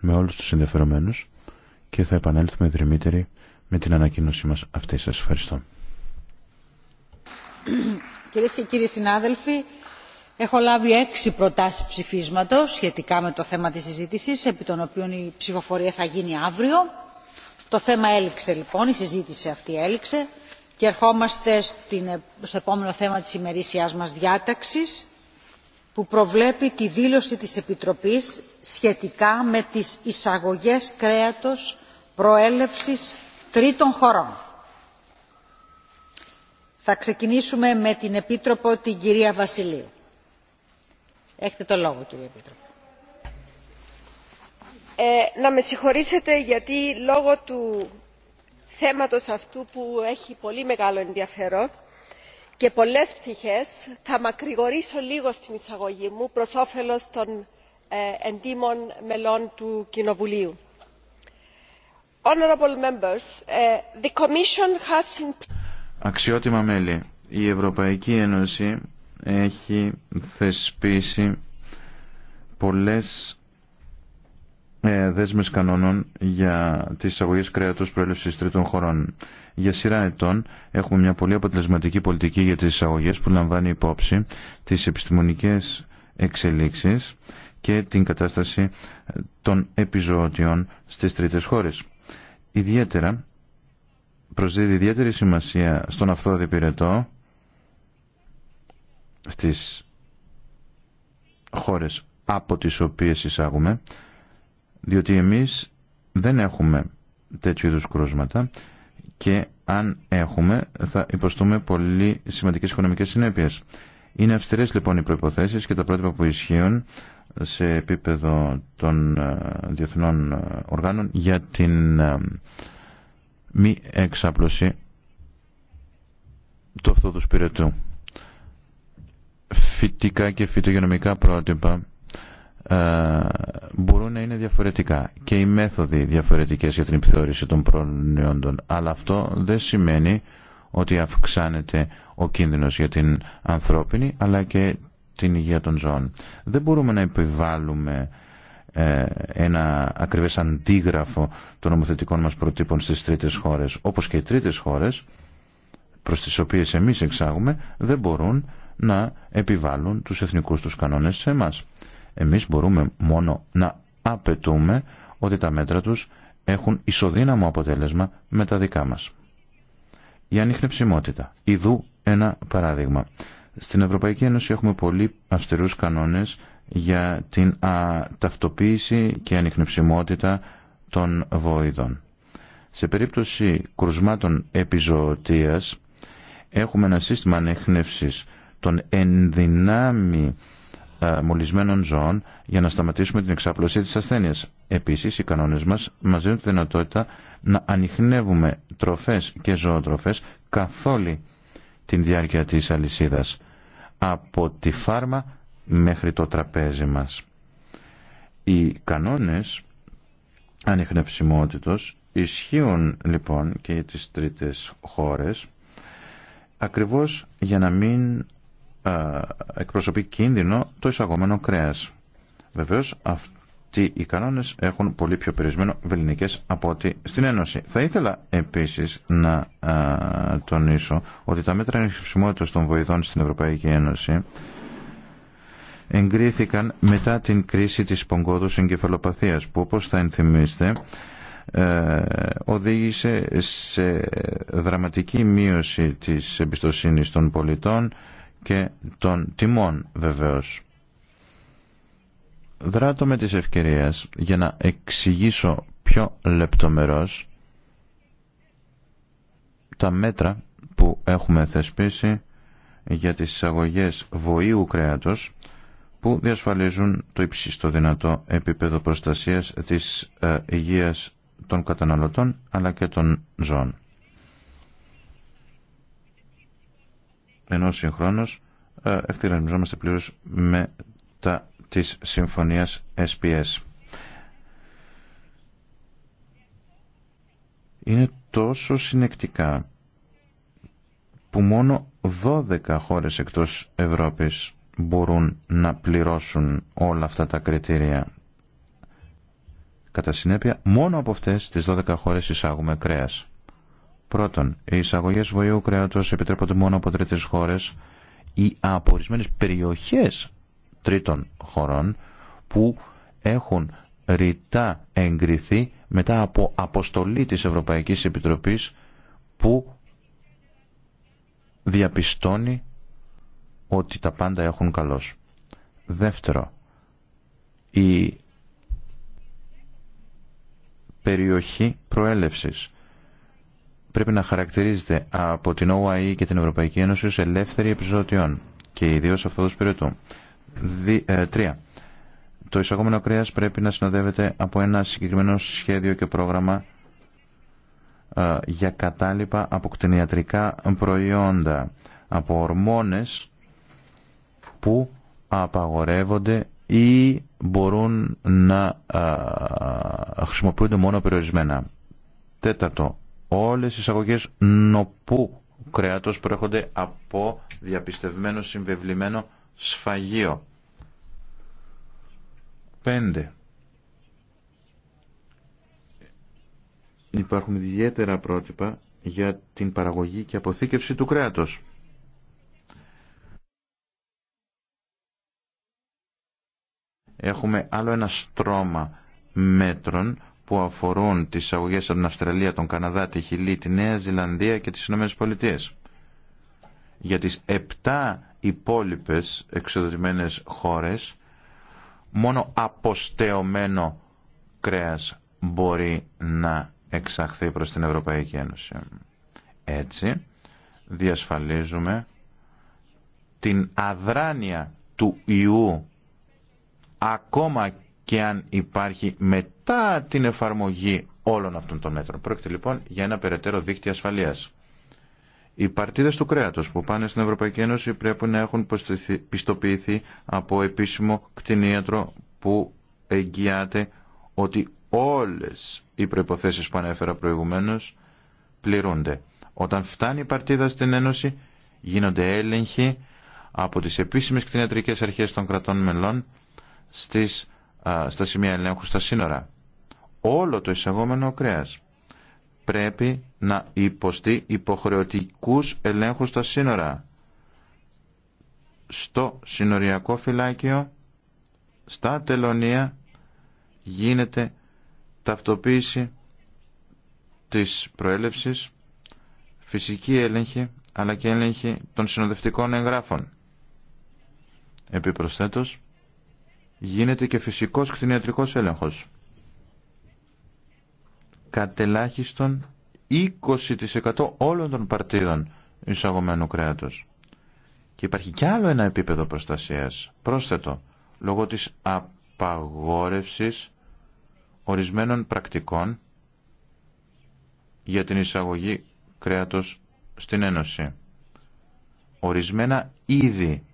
με όλους τους ενδιαφερομένους και θα επανέλθουμε δρυμύτεροι με την ανακοίνωσή μας αυτή. Σας ευχαριστώ. Κύριε και κύριοι συνάδελφοι, έχω λάβει έξι προτάσεις ψηφίσματος σχετικά με το θέμα της συζήτησης, επί των οποίων η ψηφοφορία θα γίνει αύριο. Το θέμα έληξε λοιπόν, η συζήτηση αυτή έληξε και ερχόμαστε στο επόμενο θέμα της ημερήσιάς μας διάταξης που προβλέπει τη δήλωση της Επιτροπής σχετικά με τις εισαγωγές κρέατος προέλευσης τρίτων χωρών. Θα ξεκινήσουμε με την Επίτροπο, την κυρία Βασιλείου. Έχετε το λόγο, κυρία Επίτροπο. Ε, να με συγχωρήσετε γιατί λόγω του θέματος αυτού που έχει πολύ μεγάλο ενδιαφέρον και πολλές πτυχές θα μακρηγορήσω λίγο στην εισαγωγή μου προ όφελο των ε, εντύμων μελών του κοινοβουλίου. Ε, Αξιότιμα μέλη, η Ευρωπαϊκή Ένωση έχει θεσπίσει πολλές ε, δέσμες κανόνων για τις εισαγωγές κρέατος προέλευσης τρίτων χωρών. Για σειρά ετών έχουμε μια πολύ αποτελεσματική πολιτική για τις εισαγωγές που λαμβάνει υπόψη τις επιστημονικές εξελίξεις και την κατάσταση των επιζωοτιών στις τρίτες χώρες. Ιδιαίτερα προσδίδει ιδιαίτερη σημασία στον αυθόδη πυρετό στις χώρες από τις οποίες εισάγουμε διότι εμείς δεν έχουμε τέτοιου είδους κρούσματα και αν έχουμε θα υποστούμε πολύ σημαντικές οικονομικές συνέπειες. Είναι αυστηρές λοιπόν οι προϋποθέσεις και τα πρότυπα που ισχύουν σε επίπεδο των ε, διεθνών ε, οργάνων για την ε, μη εξάπλωση του αυτού του σπυρετού. Φυτικά και φυτογενομικά πρότυπα ε, μπορούν να είναι διαφορετικά και οι μέθοδοι διαφορετικές για την επιθεώρηση των προϊόντων. Αλλά αυτό δεν σημαίνει ότι αυξάνεται ο κίνδυνος για την ανθρώπινη αλλά και την υγεία των ζώων. Δεν μπορούμε να επιβάλλουμε ε, ένα ακριβές αντίγραφο των νομοθετικών μας προτύπων στις τρίτες χώρες. Όπως και οι τρίτες χώρες προς τις οποίες εμείς εξάγουμε δεν μπορούν να επιβάλλουν τους εθνικούς τους κανόνες σε εμάς. Εμείς μπορούμε μόνο να απαιτούμε ότι τα μέτρα τους έχουν ισοδύναμο αποτέλεσμα με τα δικά μας. Η ανιχνευσιμότητα. Ιδού ένα παράδειγμα. Στην Ευρωπαϊκή Ένωση έχουμε πολύ αυστηρούς κανόνες για την α, ταυτοποίηση και ανιχνευσιμότητα των βοηδών. Σε περίπτωση κρουσμάτων επιζωοτίας έχουμε ένα σύστημα ανιχνεύσης των ενδυνάμει ε, μολυσμένων ζώων για να σταματήσουμε την εξάπλωση της ασθένειας. Επίσης, οι κανόνες μας μας δίνουν τη δυνατότητα να ανοιχνεύουμε τροφές και ζωοτροφές καθόλη την διάρκεια της αλυσίδας, από τη φάρμα μέχρι το τραπέζι μας. Οι κανόνες ανιχνευσιμότητος ισχύουν λοιπόν και για τις τρίτες χώρες ακριβώς για να μην εκπροσωπεί κίνδυνο το εισαγόμενο κρέας. Βεβαίως αυτοί οι κανόνες έχουν πολύ πιο περιορισμένο βεληνικές από ότι στην Ένωση. Θα ήθελα επίσης να τονίσω ότι τα μέτρα ενισχυσιμότητας των βοηθών στην Ευρωπαϊκή Ένωση εγκρίθηκαν μετά την κρίση της πογκόδους εγκεφαλοπαθίας που όπως θα ενθυμίστε ε, οδήγησε σε δραματική μείωση της εμπιστοσύνης των πολιτών και των τιμών βεβαίως. Δράτω με τις ευκαιρίες για να εξηγήσω πιο λεπτομερώς τα μέτρα που έχουμε θεσπίσει για τις εισαγωγές βοήου κρέατος που διασφαλίζουν το υψίστο δυνατό επίπεδο προστασίας της ε, υγείας των καταναλωτών αλλά και των ζώων. ενώ συγχρόνω ε, ευθυγραμμιζόμαστε πλήρω με τα της συμφωνίας SPS. Είναι τόσο συνεκτικά που μόνο 12 χώρες εκτός Ευρώπης μπορούν να πληρώσουν όλα αυτά τα κριτήρια. Κατά συνέπεια, μόνο από αυτές τις 12 χώρες εισάγουμε κρέας. Πρώτον, οι εισαγωγέ βοηού κρέατο επιτρέπονται μόνο από τρίτε χώρε ή από ορισμένε περιοχέ τρίτων χωρών που έχουν ρητά εγκριθεί μετά από αποστολή της Ευρωπαϊκής Επιτροπής που διαπιστώνει ότι τα πάντα έχουν καλώς. Δεύτερο, η περιοχή προέλευσης πρέπει να χαρακτηρίζεται από την ΟΑΗ e και την Ευρωπαϊκή Ένωση ως ελεύθερη επιζωτιών και ιδίως αυτό το Δι, ε, τρία. Το εισαγόμενο κρέας πρέπει να συνοδεύεται από ένα συγκεκριμένο σχέδιο και πρόγραμμα ε, για κατάλοιπα από κτηνιατρικά προϊόντα, από ορμόνες που απαγορεύονται ή μπορούν να ε, χρησιμοποιούνται μόνο περιορισμένα. Τέταρτο, όλες οι εισαγωγές νοπού κρέατος προέρχονται από διαπιστευμένο συμβεβλημένο σφαγείο. 5. Υπάρχουν ιδιαίτερα πρότυπα για την παραγωγή και αποθήκευση του κρέατος. Έχουμε άλλο ένα στρώμα μέτρων που αφορούν τι αγωγές από την Αυστραλία, τον Καναδά, τη Χιλή, τη Νέα Ζηλανδία και τι Ηνωμένες Πολιτείες. Για τι 7 υπόλοιπες εξοδοτημένε χώρες μόνο αποστεωμένο κρέα μπορεί να εξαχθεί προς την Ευρωπαϊκή Ένωση. Έτσι διασφαλίζουμε την αδράνεια του ιού ακόμα και αν υπάρχει μετά την εφαρμογή όλων αυτών των μέτρων. Πρόκειται λοιπόν για ένα περαιτέρω δίκτυο ασφαλείας. Οι παρτίδε του κρέατο που πάνε στην Ευρωπαϊκή Ένωση πρέπει να έχουν πιστοποιηθεί από επίσημο κτηνίατρο που εγγυάται ότι όλες οι προϋποθέσεις που ανέφερα προηγουμένως πληρούνται. Όταν φτάνει η παρτίδα στην Ένωση γίνονται έλεγχοι από τι επίσημε κτηνιατρικές αρχέ των κρατών μελών στις στα σημεία ελέγχου στα σύνορα. Όλο το εισαγόμενο κρέας πρέπει να υποστεί υποχρεωτικούς ελέγχους στα σύνορα. Στο συνοριακό φυλάκιο, στα τελωνία, γίνεται ταυτοποίηση της προέλευσης, φυσική έλεγχη, αλλά και έλεγχη των συνοδευτικών εγγράφων. Επιπροσθέτως, γίνεται και φυσικός κτηνιατρικός έλεγχος. Κατελάχιστον 20% όλων των παρτίδων εισαγωμένου κρέατος. Και υπάρχει κι άλλο ένα επίπεδο προστασίας, πρόσθετο, λόγω της απαγόρευσης ορισμένων πρακτικών για την εισαγωγή κρέατος στην Ένωση. Ορισμένα είδη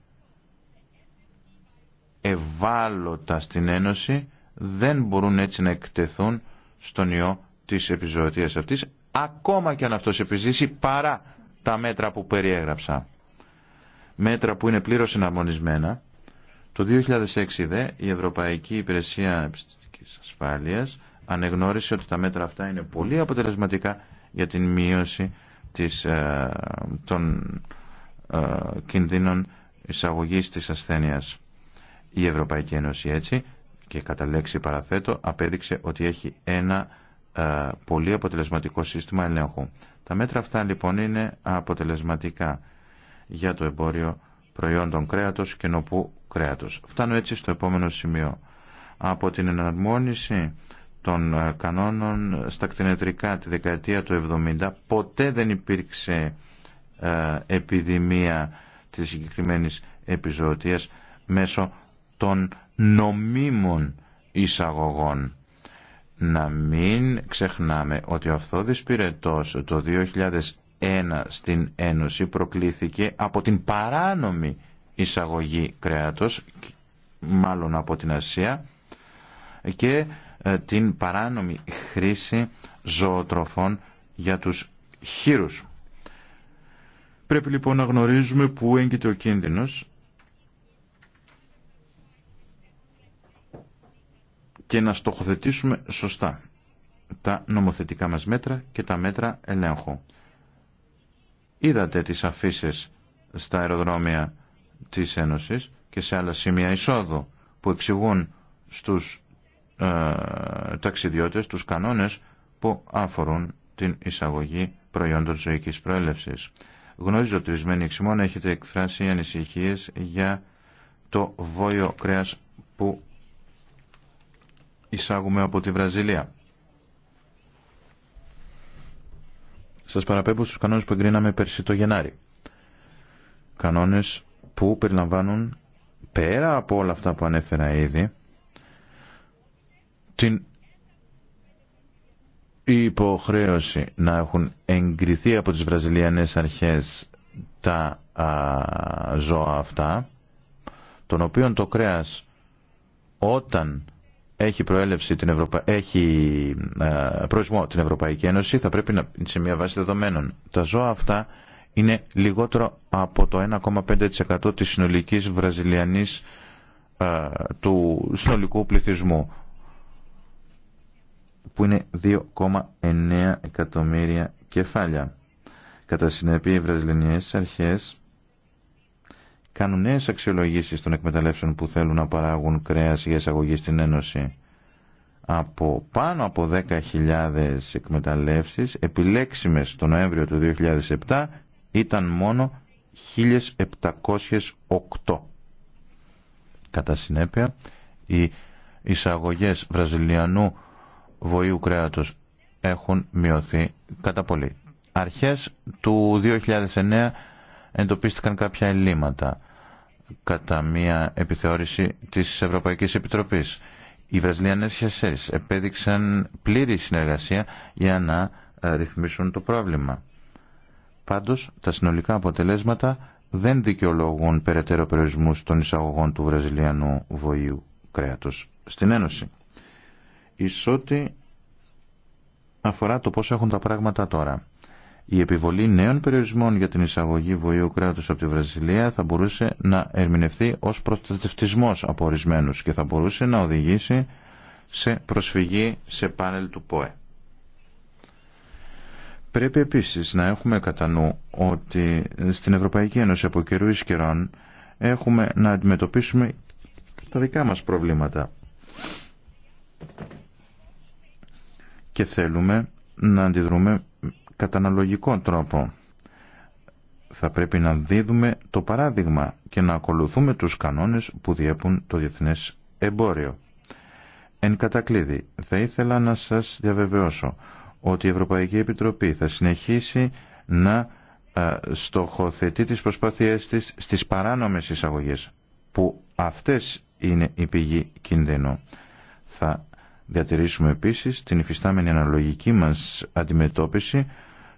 ευάλωτα στην Ένωση δεν μπορούν έτσι να εκτεθούν στον ιό της επιζωοτίας αυτής ακόμα και αν αυτός επιζήσει παρά τα μέτρα που περιέγραψα. Μέτρα που είναι πλήρως συναρμονισμένα. Το 2006 η Ευρωπαϊκή Υπηρεσία Επιστημικής Ασφάλειας ανεγνώρισε ότι τα μέτρα αυτά είναι πολύ αποτελεσματικά για την μείωση της, ε, των ε, κινδύνων εισαγωγής της ασθένειας. Η Ευρωπαϊκή Ένωση έτσι και κατά λέξη παραθέτω απέδειξε ότι έχει ένα ε, πολύ αποτελεσματικό σύστημα ελέγχου. Τα μέτρα αυτά λοιπόν είναι αποτελεσματικά για το εμπόριο προϊόντων κρέατος και νοπού κρέατος. Φτάνω έτσι στο επόμενο σημείο. Από την εναρμόνιση των ε, κανόνων στα κτηνετρικά τη δεκαετία του 70 ποτέ δεν υπήρξε ε, επιδημία της συγκεκριμένης επιζωτίας μέσω των νομίμων εισαγωγών. Να μην ξεχνάμε ότι ο αυθόδης πυρετός το 2001 στην Ένωση προκλήθηκε από την παράνομη εισαγωγή κρέατος, μάλλον από την Ασία, και ε, την παράνομη χρήση ζωοτροφών για τους χείρους. Πρέπει λοιπόν να γνωρίζουμε που έγκυται ο κίνδυνος και να στοχοθετήσουμε σωστά τα νομοθετικά μας μέτρα και τα μέτρα ελέγχου. Είδατε τις αφήσει στα αεροδρόμια της Ένωσης και σε άλλα σημεία εισόδου που εξηγούν στους ε, ταξιδιώτες τους κανόνες που αφορούν την εισαγωγή προϊόντων ζωικής προέλευσης. Γνωρίζω ότι ορισμένοι εξημών έχετε εκφράσει ανησυχίες για το βόλιο κρέας που εισάγουμε από τη Βραζιλία. Σας παραπέμπω στους κανόνες που εγκρίναμε πέρσι το Γενάρη. Κανόνες που περιλαμβάνουν πέρα από όλα αυτά που ανέφερα ήδη την υποχρέωση να έχουν εγκριθεί από τις βραζιλιανές αρχές τα ζώα αυτά των οποίων το κρέας όταν έχει προέλευση την έχει ε, προορισμό την Ευρωπαϊκή Ένωση θα πρέπει να σε μια βάση δεδομένων. Τα ζώα αυτά είναι λιγότερο από το 1,5% της συνολικής βραζιλιανής ε, του συνολικού πληθυσμού που είναι 2,9 εκατομμύρια κεφάλια. Κατά συνέπεια οι βραζιλιανές αρχές κάνουν νέε αξιολογήσει των εκμεταλλεύσεων που θέλουν να παράγουν κρέα για εισαγωγή στην Ένωση. Από πάνω από 10.000 εκμεταλλεύσεις επιλέξιμες το Νοέμβριο του 2007 ήταν μόνο 1.708. Κατά συνέπεια, οι εισαγωγές βραζιλιανού βοήου κρέατος έχουν μειωθεί κατά πολύ. Αρχές του 2009 εντοπίστηκαν κάποια ελλείμματα κατά μια επιθεώρηση της Ευρωπαϊκής Επιτροπής. Οι Βραζιλιανές χερσές επέδειξαν πλήρη συνεργασία για να ε, ρυθμίσουν το πρόβλημα. Πάντως, τα συνολικά αποτελέσματα δεν δικαιολογούν περαιτέρω περιορισμούς των εισαγωγών του βραζιλιανού βοηού κρέατος στην Ένωση. Ισότι αφορά το πώς έχουν τα πράγματα τώρα. Η επιβολή νέων περιορισμών για την εισαγωγή βοήου κράτου από τη Βραζιλία θα μπορούσε να ερμηνευτεί ως προστατευτισμός από ορισμένους και θα μπορούσε να οδηγήσει σε προσφυγή σε πάνελ του ΠΟΕ. Πρέπει επίσης να έχουμε κατά νου ότι στην Ευρωπαϊκή Ένωση από καιρού εις καιρών έχουμε να αντιμετωπίσουμε τα δικά μας προβλήματα. Και θέλουμε να αντιδρούμε κατά αναλογικό τρόπο. Θα πρέπει να δίδουμε το παράδειγμα και να ακολουθούμε τους κανόνες που διέπουν το διεθνές εμπόριο. Εν κατακλείδη, θα ήθελα να σας διαβεβαιώσω ότι η Ευρωπαϊκή Επιτροπή θα συνεχίσει να ε, στοχοθετεί τις προσπάθειές της στις παράνομες εισαγωγές που αυτές είναι η πηγή κινδύνου. Θα διατηρήσουμε επίσης την υφιστάμενη αναλογική μας αντιμετώπιση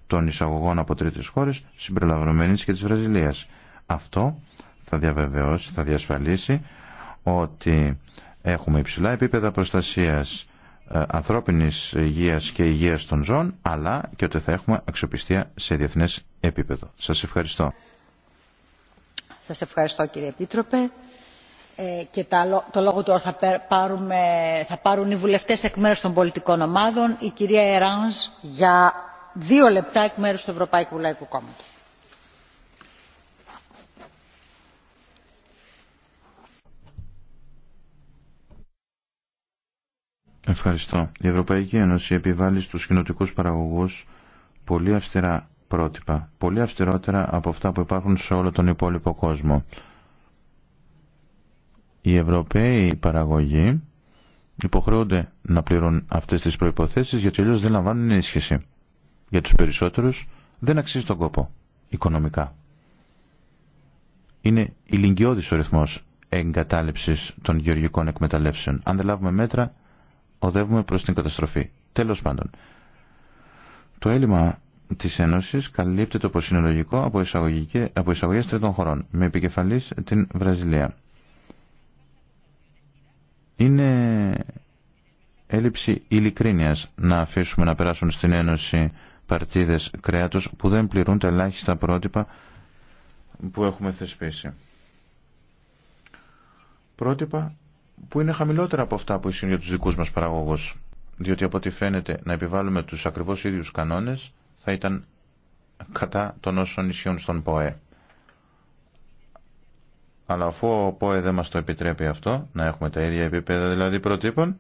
των εισαγωγών από τρίτες χώρες συμπεριλαμβανομένης και της Βραζιλίας. Αυτό θα διαβεβαιώσει, θα διασφαλίσει ότι έχουμε υψηλά επίπεδα προστασίας ε, ανθρώπινης υγείας και υγείας των ζώων αλλά και ότι θα έχουμε αξιοπιστία σε διεθνές επίπεδο. Σας ευχαριστώ. Σας ευχαριστώ κύριε Επίτροπε. Ε, και το λόγο τώρα θα, θα πάρουν οι βουλευτές εκ μέρους των πολιτικών ομάδων. Η κυρία Εράνς για δύο λεπτά εκ μέρους του Ευρωπαϊκού Λαϊκού Κόμματος. Ευχαριστώ. Η Ευρωπαϊκή Ένωση επιβάλλει στους κοινοτικούς παραγωγούς πολύ αυστηρά πρότυπα, πολύ αυστηρότερα από αυτά που υπάρχουν σε όλο τον υπόλοιπο κόσμο. Οι Ευρωπαίοι παραγωγοί υποχρεούνται να πληρούν αυτές τις προϋποθέσεις γιατί αλλιώς δεν λαμβάνουν ενίσχυση για τους περισσότερους δεν αξίζει τον κόπο οικονομικά. Είναι ηλικιώδης ο ρυθμός εγκατάλειψης των γεωργικών εκμεταλλεύσεων. Αν δεν λάβουμε μέτρα, οδεύουμε προς την καταστροφή. Τέλος πάντων, το έλλειμμα της Ένωσης καλύπτεται το συνολογικό από, από εισαγωγές τρίτων χωρών, με επικεφαλής την Βραζιλία. Είναι έλλειψη ειλικρίνειας να αφήσουμε να περάσουν στην Ένωση παρτίδες κρέατος που δεν πληρούν τα ελάχιστα πρότυπα που έχουμε θεσπίσει. Πρότυπα που είναι χαμηλότερα από αυτά που ισχύουν για τους δικούς μας παραγωγούς. Διότι από ό,τι φαίνεται να επιβάλλουμε τους ακριβώς ίδιους κανόνες θα ήταν κατά των όσων ισχύουν στον ΠΟΕ. Αλλά αφού ο ΠΟΕ δεν μας το επιτρέπει αυτό, να έχουμε τα ίδια επίπεδα δηλαδή προτύπων,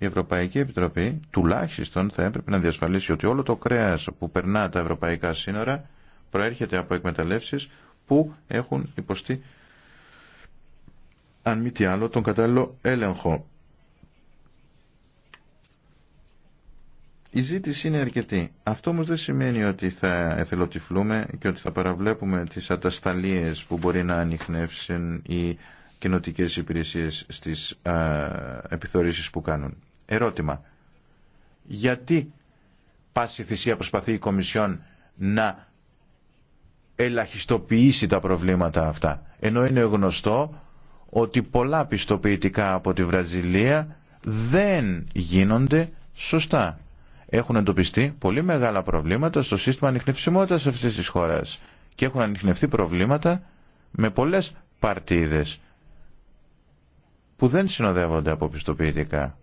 η Ευρωπαϊκή Επιτροπή τουλάχιστον θα έπρεπε να διασφαλίσει ότι όλο το κρέας που περνά τα ευρωπαϊκά σύνορα προέρχεται από εκμεταλλεύσεις που έχουν υποστεί αν μη τι άλλο τον κατάλληλο έλεγχο. Η ζήτηση είναι αρκετή. Αυτό όμως δεν σημαίνει ότι θα εθελοτυφλούμε και ότι θα παραβλέπουμε τις ατασταλίες που μπορεί να ανοιχνεύσουν οι κοινοτικές υπηρεσίες στις επιθεωρήσεις που κάνουν ερώτημα. Γιατί πάση θυσία προσπαθεί η Κομισιόν να ελαχιστοποιήσει τα προβλήματα αυτά. Ενώ είναι γνωστό ότι πολλά πιστοποιητικά από τη Βραζιλία δεν γίνονται σωστά. Έχουν εντοπιστεί πολύ μεγάλα προβλήματα στο σύστημα ανιχνευσιμότητας αυτής της χώρας και έχουν ανιχνευτεί προβλήματα με πολλές παρτίδες που δεν συνοδεύονται από πιστοποιητικά.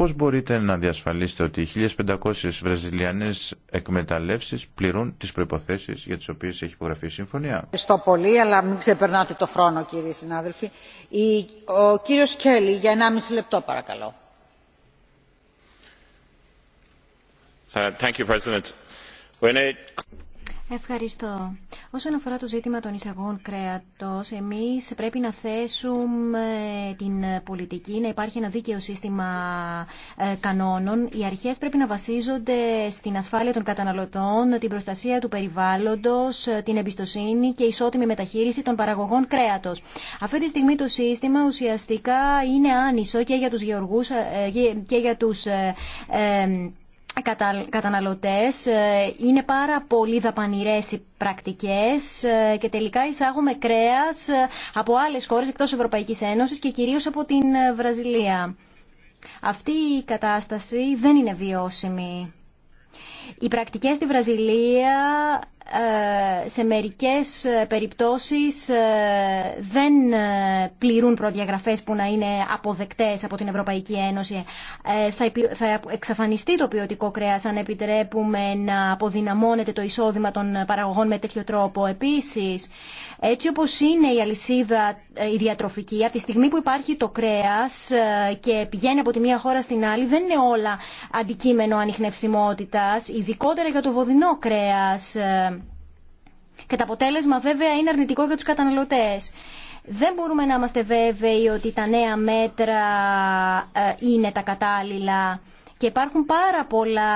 Πώς μπορείτε να διασφαλίσετε ότι οι 1.500 βραζιλιανές εκμεταλλεύσεις πληρούν τις προϋποθέσεις για τις οποίες έχει υπογραφεί η συμφωνία. Ευχαριστώ πολύ, αλλά μην ξεπερνάτε το χρόνο κύριοι συνάδελφοι. Ο κύριος Κέλλη για 1,5 λεπτό παρακαλώ. Uh, thank you, President. When it... Ευχαριστώ. Όσον αφορά το ζήτημα των εισαγών κρέατος, εμείς πρέπει να θέσουμε την πολιτική, να υπάρχει ένα δίκαιο σύστημα ε, κανόνων. Οι αρχές πρέπει να βασίζονται στην ασφάλεια των καταναλωτών, την προστασία του περιβάλλοντος, ε, την εμπιστοσύνη και ισότιμη μεταχείριση των παραγωγών κρέατος. Αυτή τη στιγμή το σύστημα ουσιαστικά είναι άνισο και για τους γεωργούς ε, και για τους καταναλωτές ε, είναι πάρα πολύ δαπανηρές οι πρακτικές ε, και τελικά εισάγουμε κρέας ε, από άλλες χώρες εκτός Ευρωπαϊκής Ένωσης και κυρίως από την Βραζιλία. Αυτή η κατάσταση δεν είναι βιώσιμη. Οι πρακτικές στη Βραζιλία ε, σε μερικές ε, περιπτώσεις ε, δεν πληρούν προδιαγραφές που να είναι αποδεκτές από την Ευρωπαϊκή Ένωση. Θα εξαφανιστεί το ποιοτικό κρέας αν επιτρέπουμε να αποδυναμώνεται το εισόδημα των παραγωγών με τέτοιο τρόπο. Επίσης, έτσι όπως είναι η αλυσίδα η διατροφική, από τη στιγμή που υπάρχει το κρέας και πηγαίνει από τη μία χώρα στην άλλη, δεν είναι όλα αντικείμενο ανιχνευσιμότητας ειδικότερα για το βοδινό κρέας. Ε, και το αποτέλεσμα βέβαια είναι αρνητικό για τους καταναλωτές. Δεν μπορούμε να είμαστε βέβαιοι ότι τα νέα μέτρα ε, είναι τα κατάλληλα και υπάρχουν πάρα πολλά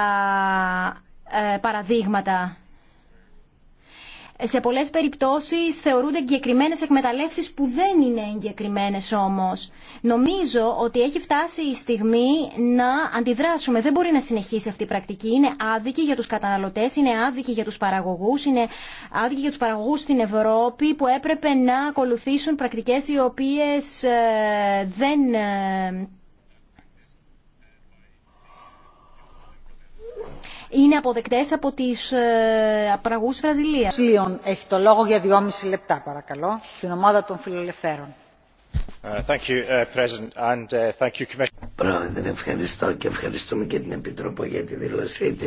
ε, παραδείγματα σε πολλές περιπτώσεις θεωρούνται εγκεκριμένε εκμεταλλεύσεις που δεν είναι εγκεκριμένε όμως. Νομίζω ότι έχει φτάσει η στιγμή να αντιδράσουμε. Δεν μπορεί να συνεχίσει αυτή η πρακτική. Είναι άδικη για τους καταναλωτές, είναι άδικη για τους παραγωγούς, είναι άδικη για τους παραγωγούς στην Ευρώπη που έπρεπε να ακολουθήσουν πρακτικέ οι οποίες ε, δεν ε, είναι αποδεκτές από τις ε, Απραγού Βραζιλία. Λίον, έχει το λόγο για δυόμιση λεπτά παρακαλώ, την ομάδα των φιλελευθέρων. Ε, thank you, ε, President, and thank you, Πρόεδρε, ευχαριστώ και ευχαριστούμε και την Επιτροπή για τη δήλωσή τη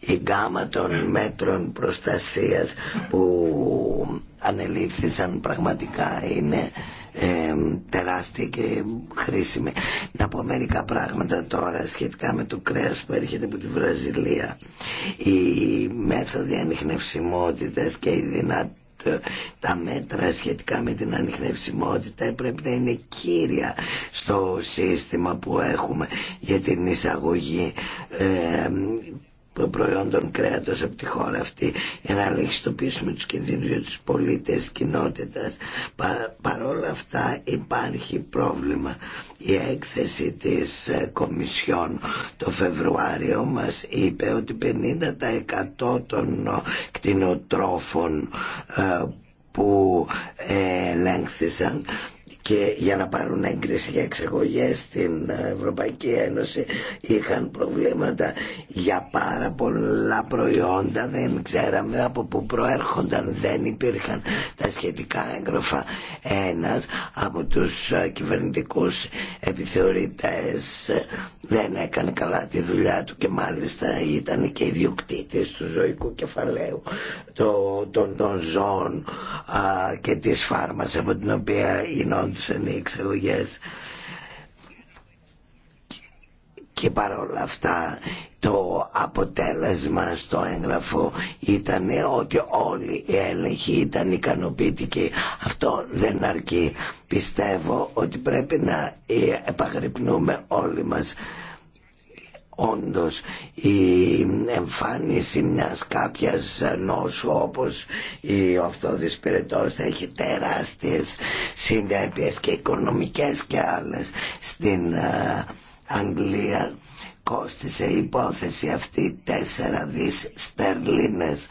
Η γκάμα των μέτρων προστασίας που ανελήφθησαν πραγματικά είναι ε, και χρήσιμη. Να πω μερικά πράγματα τώρα σχετικά με το κρέας που έρχεται από τη Βραζιλία. Η μέθοδοι ανιχνευσιμότητας και η δυνατότητα τα μέτρα σχετικά με την ανιχνευσιμότητα πρέπει να είναι κύρια στο σύστημα που έχουμε για την εισαγωγή προϊόντων κρέατος από τη χώρα αυτή για να ελεγχιστοποιήσουμε τους κινδύνους για τους πολίτες κοινότητας. Πα, παρόλα αυτά υπάρχει πρόβλημα. Η έκθεση της ε, Κομισιόν το Φεβρουάριο μας είπε ότι 50% των ε, κτηνοτρόφων ε, που ελέγχθησαν και για να πάρουν έγκριση για εξεγωγές στην Ευρωπαϊκή Ένωση είχαν προβλήματα για πάρα πολλά προϊόντα δεν ξέραμε από που προέρχονταν δεν υπήρχαν τα σχετικά έγγραφα ένας από τους κυβερνητικούς επιθεωρητές δεν έκανε καλά τη δουλειά του και μάλιστα ήταν και ιδιοκτήτης του ζωικού κεφαλαίου των, ζώων και της φάρμας από την οποία είναι σε οι και παρόλα αυτά το αποτέλεσμα στο έγγραφο ήταν ότι όλοι οι έλεγχοι ήταν ικανοποιητικοί. Αυτό δεν αρκεί. Πιστεύω ότι πρέπει να επαγρυπνούμε όλοι μας όντως η εμφάνιση μιας κάποιας νόσου όπως η οφθόδης πυρετός θα έχει τεράστιες συνέπειες και οικονομικές και άλλες στην ε, Αγγλία κόστισε η υπόθεση αυτή τέσσερα δις στερλίνες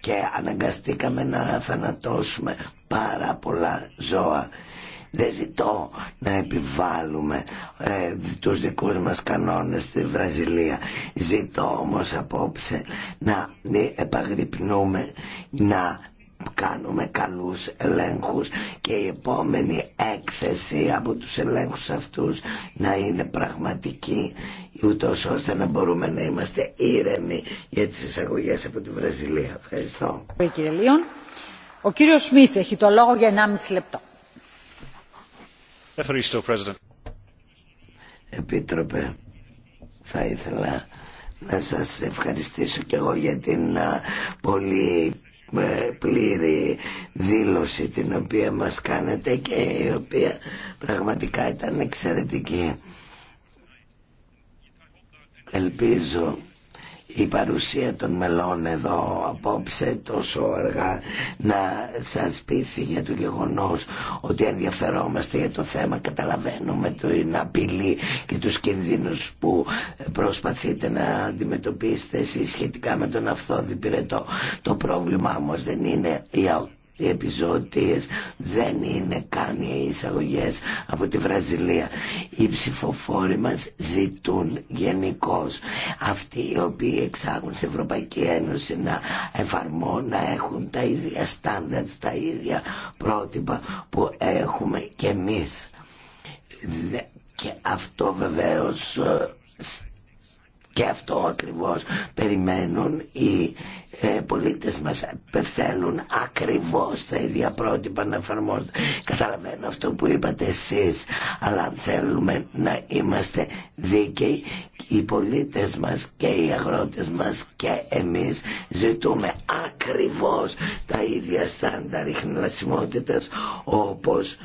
και αναγκαστήκαμε να θανατώσουμε πάρα πολλά ζώα δεν ζητώ να επιβάλλουμε ε, τους δικούς μας κανόνες στη Βραζιλία. Ζητώ όμως απόψε να επαγρυπνούμε, να κάνουμε καλούς ελέγχους και η επόμενη έκθεση από τους ελέγχους αυτούς να είναι πραγματική ούτως ώστε να μπορούμε να είμαστε ήρεμοι για τις εισαγωγές από τη Βραζιλία. Ευχαριστώ. Ο κύριος Σμίθ έχει το λόγο για 1,5 λεπτό. Επίτροπε, θα ήθελα να σας ευχαριστήσω και εγώ για την πολύ ε, πλήρη δήλωση την οποία μας κάνετε και η οποία πραγματικά ήταν εξαιρετική. Ελπίζω η παρουσία των μελών εδώ απόψε τόσο αργά να σας πείθει για το γεγονός ότι ενδιαφερόμαστε για το θέμα καταλαβαίνουμε την απειλή και τους κινδύνους που προσπαθείτε να αντιμετωπίσετε εσείς σχετικά με τον αυθόδη πυρετό το πρόβλημά όμως δεν είναι η οι επιζωτίες δεν είναι καν οι εισαγωγές από τη Βραζιλία. Οι ψηφοφόροι μας ζητούν γενικώ αυτοί οι οποίοι εξάγουν στην Ευρωπαϊκή Ένωση να εφαρμόν, να έχουν τα ίδια στάνταρτ, τα ίδια πρότυπα που έχουμε και εμείς. Και αυτό βεβαίως ε, και αυτό ακριβώς περιμένουν οι οι ε, πολίτε μα θέλουν ακριβώ τα ίδια πρότυπα να εφαρμόζονται. Καταλαβαίνω αυτό που είπατε εσεί. αλλά θέλουμε να είμαστε δίκαιοι, οι πολίτε μας και οι αγρότε μας και εμεί ζητούμε ακριβώ τα ίδια στάνταρ χνηλασιμότητας όπως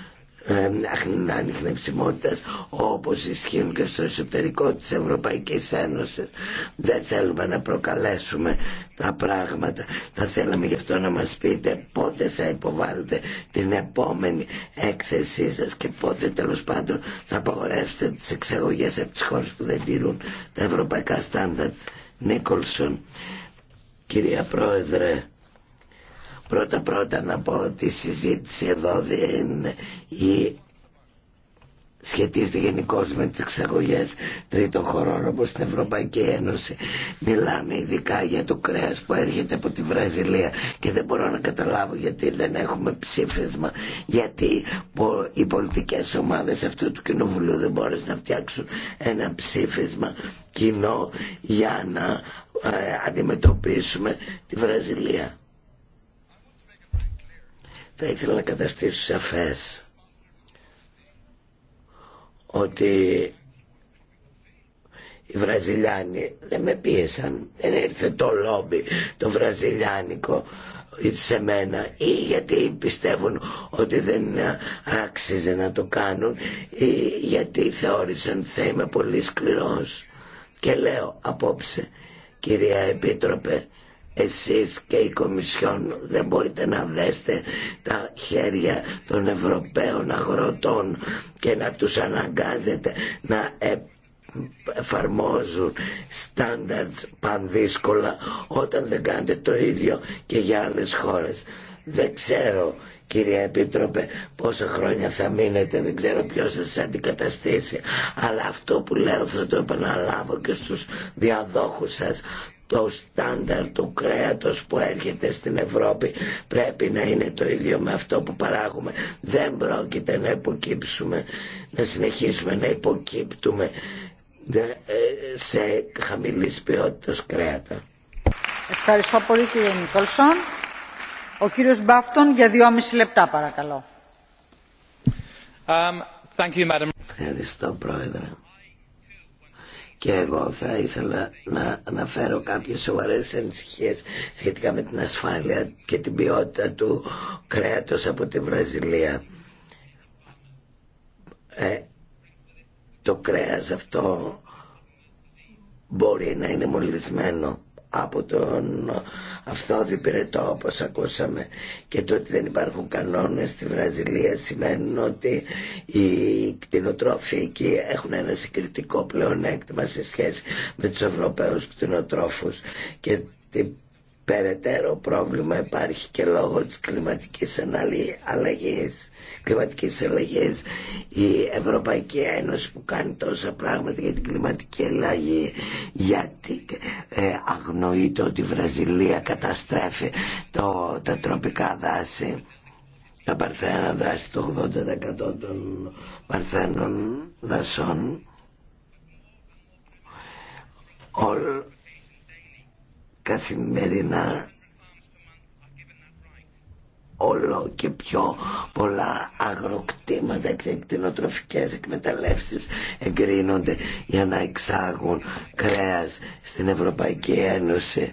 ανιχνευσιμότητας όπως ισχύουν και στο εσωτερικό της Ευρωπαϊκής Ένωσης. Δεν θέλουμε να προκαλέσουμε τα πράγματα. Θα θέλαμε γι' αυτό να μας πείτε πότε θα υποβάλλετε την επόμενη έκθεσή σας και πότε τέλος πάντων θα απαγορεύσετε τις εξαγωγέ από τις χώρες που δεν τηρούν τα ευρωπαϊκά στάνταρτς. Νίκολσον, κυρία Πρόεδρε, Πρώτα πρώτα να πω ότι η συζήτηση εδώ δεν η σχετίζεται γενικώ με τις εξαγωγές τρίτων χωρών όπως στην Ευρωπαϊκή Ένωση. Μιλάμε ειδικά για το κρέας που έρχεται από τη Βραζιλία και δεν μπορώ να καταλάβω γιατί δεν έχουμε ψήφισμα, γιατί οι πολιτικές ομάδες αυτού του κοινοβουλίου δεν μπόρεσαν να φτιάξουν ένα ψήφισμα κοινό για να ε, αντιμετωπίσουμε τη Βραζιλία. Θα ήθελα να καταστήσω σαφές ότι οι Βραζιλιάνοι δεν με πίεσαν, δεν ήρθε το λόμπι το βραζιλιάνικο σε μένα ή γιατί πιστεύουν ότι δεν άξιζε να το κάνουν ή γιατί θεώρησαν θα είμαι πολύ σκληρός και λέω απόψε κυρία Επίτροπε εσείς και η Κομισιόν δεν μπορείτε να δέστε τα χέρια των Ευρωπαίων αγροτών και να τους αναγκάζετε να ε, εφαρμόζουν standards πανδύσκολα όταν δεν κάνετε το ίδιο και για άλλες χώρες. Δεν ξέρω κύριε Επίτροπε πόσα χρόνια θα μείνετε, δεν ξέρω ποιος θα σας αντικαταστήσει αλλά αυτό που λέω θα το επαναλάβω και στους διαδόχους σας το στάνταρ του κρέατος που έρχεται στην Ευρώπη πρέπει να είναι το ίδιο με αυτό που παράγουμε. Δεν πρόκειται να υποκύψουμε, να συνεχίσουμε να υποκύπτουμε ε, σε χαμηλή ποιότητα κρέατα. Ευχαριστώ πολύ κύριε Νικόλσον. Ο κύριος Μπάφτον για δύο μισή λεπτά παρακαλώ. Um, Ευχαριστώ πρόεδρε και εγώ θα ήθελα να αναφέρω κάποιες σοβαρές ανησυχίες σχετικά με την ασφάλεια και την ποιότητα του κρέατος από τη Βραζιλία. Ε, το κρέας αυτό μπορεί να είναι μολυσμένο από τον αυτό διπηρετώ όπως ακούσαμε και το ότι δεν υπάρχουν κανόνες στη Βραζιλία σημαίνει ότι οι κτηνοτρόφοι εκεί έχουν ένα συγκριτικό πλεονέκτημα σε σχέση με τους Ευρωπαίους κτηνοτρόφους και περαιτέρω πρόβλημα υπάρχει και λόγω της κλιματικής αλλαγής κλιματικές αλλαγές η Ευρωπαϊκή Ένωση που κάνει τόσα πράγματα για την κλιματική αλλαγή γιατί ε, αγνοείται ότι η Βραζιλία καταστρέφει το, τα τροπικά δάση τα παρθένα δάση το 80% των παρθένων δασών όλ, καθημερινά όλο και πιο πολλά αγροκτήματα και εκτινοτροφικές εκμεταλλεύσεις εγκρίνονται για να εξάγουν κρέας στην Ευρωπαϊκή Ένωση.